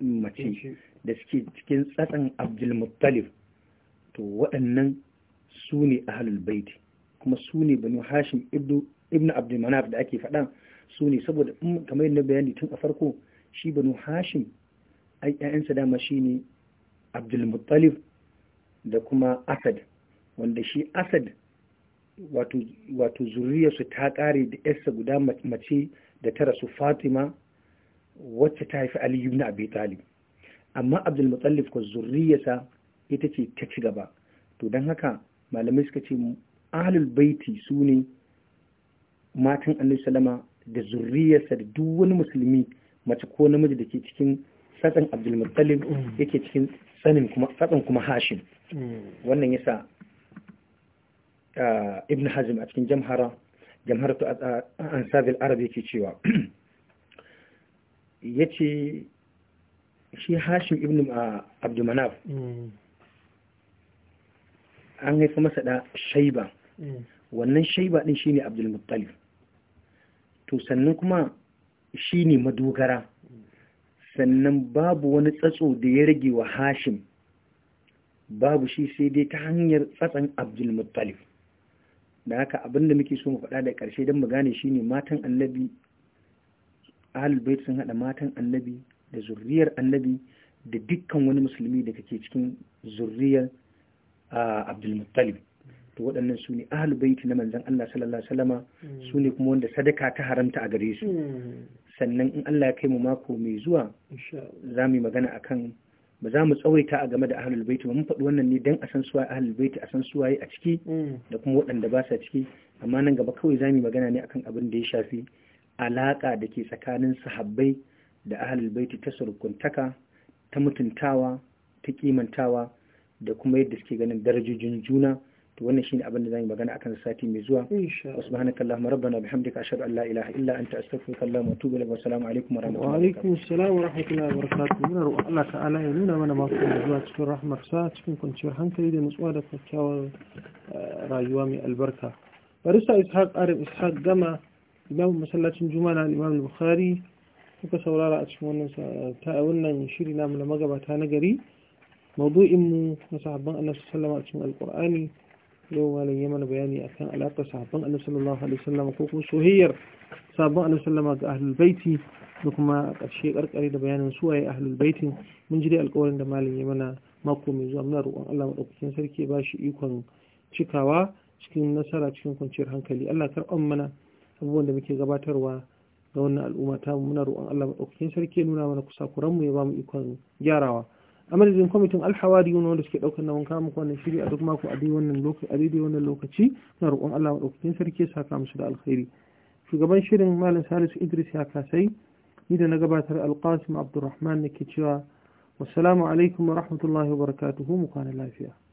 mace da suke cikin tsatsan Abdul Muttalib to waɗannan su ne a halin baiti kuma su ne banu hashim ibn abdulmanaf da ake faɗa su ne saboda kamar yadda bayani tun a farko shi banu hashim ai ƴaƴansa dama shi ne abdulmuttalib da kuma asad wanda shi asad wato zuriyarsu ta ƙare da yarsa guda mace da tara su fatima wacce ta haifi aliyu na abi talib amma abdulmuttalib ko zuriyarsa ita ce ta ci gaba to don haka malamai suka ce ahlul baiti su ne matan annabi salama da zurriyarsa da duk wani musulmi mace ko namiji da ke cikin satsan ya yake cikin sanin kuma satsan kuma hashim wannan yasa ibn hazm a cikin jamhara jamharatu ansabil arab yake cewa [CLEARS THROAT] yace shi hashim ibn manaf mm. an haifa masa da shaiba mm. wannan shaiba din shine abdulmuttalib to sannan kuma shine madogara sannan babu wani tsatso da ya rage wa hashim babu shi sai dai ta hanyar tsatsan abdulmuttalif da haka abinda muke so mu faɗa da ƙarshe don mu gane shine matan annabi sun haɗa matan annabi da zurriyar annabi da dukkan wani musulmi da kake cikin zurriyar abdulmuttalib to waɗannan su ne ahal baiti na manzan Allah sallallahu alaihi wasallama hmm. su ne kuma wanda sadaka ta haramta a gare su hmm. sannan in Allah ya kai mu mako mai zuwa za mu yi magana akan ba za mu tsawaita a game da ahalul baiti ba mun faɗi wannan ne don a san suwaye ahalul baiti a san suwaye a ciki hmm. da kuma waɗanda ba sa ciki amma nan gaba kawai za mu yi magana ne akan abin da ya shafi alaƙa da ke tsakanin sahabbai da ahalul baiti ta surkuntaka ta mutuntawa ta kimantawa da kuma yadda suke ganin darajojin juna to wannan shine abin da zan yi magana akan sati mai zuwa wa subhanaka allahumma rabbana bihamdika ashhadu an la ilaha illa anta astaghfiruka wa atubu ilaik wa assalamu alaikum wa rahmatullahi wa alaikum assalam wa rahmatullahi wa barakatuh muna roƙon Allah ta'ala ya nuna mana masu zuwa cikin rahmar sa cikin kwanciyar hankali da nutsuwa da kyakkyawar eh, rayuwa mai albarka barisa ishaq arif ishaq gama imam masallacin juma'a na imam bukhari kuka saurara a cikin wannan shiri namu na magabata na gari maudu'inmu na sahabban Allah sallallahu a cikin alqur'ani yau malam ya bayani akan alaƙar sahabban Allah sallallahu alaihi wasallam ko kuma soyayyar sahabban Allah sallallahu ga ahlul baiti da kuma ƙarshe ƙarƙare da bayanin su waye ahlul baitin mun ji dai alƙawarin da malam ya mana mako mai zuwa muna ruwan Allah madaukakin sarki ba shi ikon cikawa cikin nasara cikin kwanciyar hankali Allah karɓan mana abubuwan da muke gabatarwa ga wannan al'umma ta muna roƙon Allah madaukakin sarki nuna mana kusakuran mu ya ba mu ikon gyarawa a madadin kwamitin alhawari wani wanda suke ɗaukar nawan kama kwanan shiri a duk mako a dai wannan lokaci a daidai wannan lokaci na roƙon Allah maɗaukakin sarki ya saka musu da alkhairi shugaban shirin malam salisu idris ya kasai ni da na gabatar alqasim abdulrahman nake cewa wassalamu alaikum wa rahmatullahi wa barakatuhu mu kwana lafiya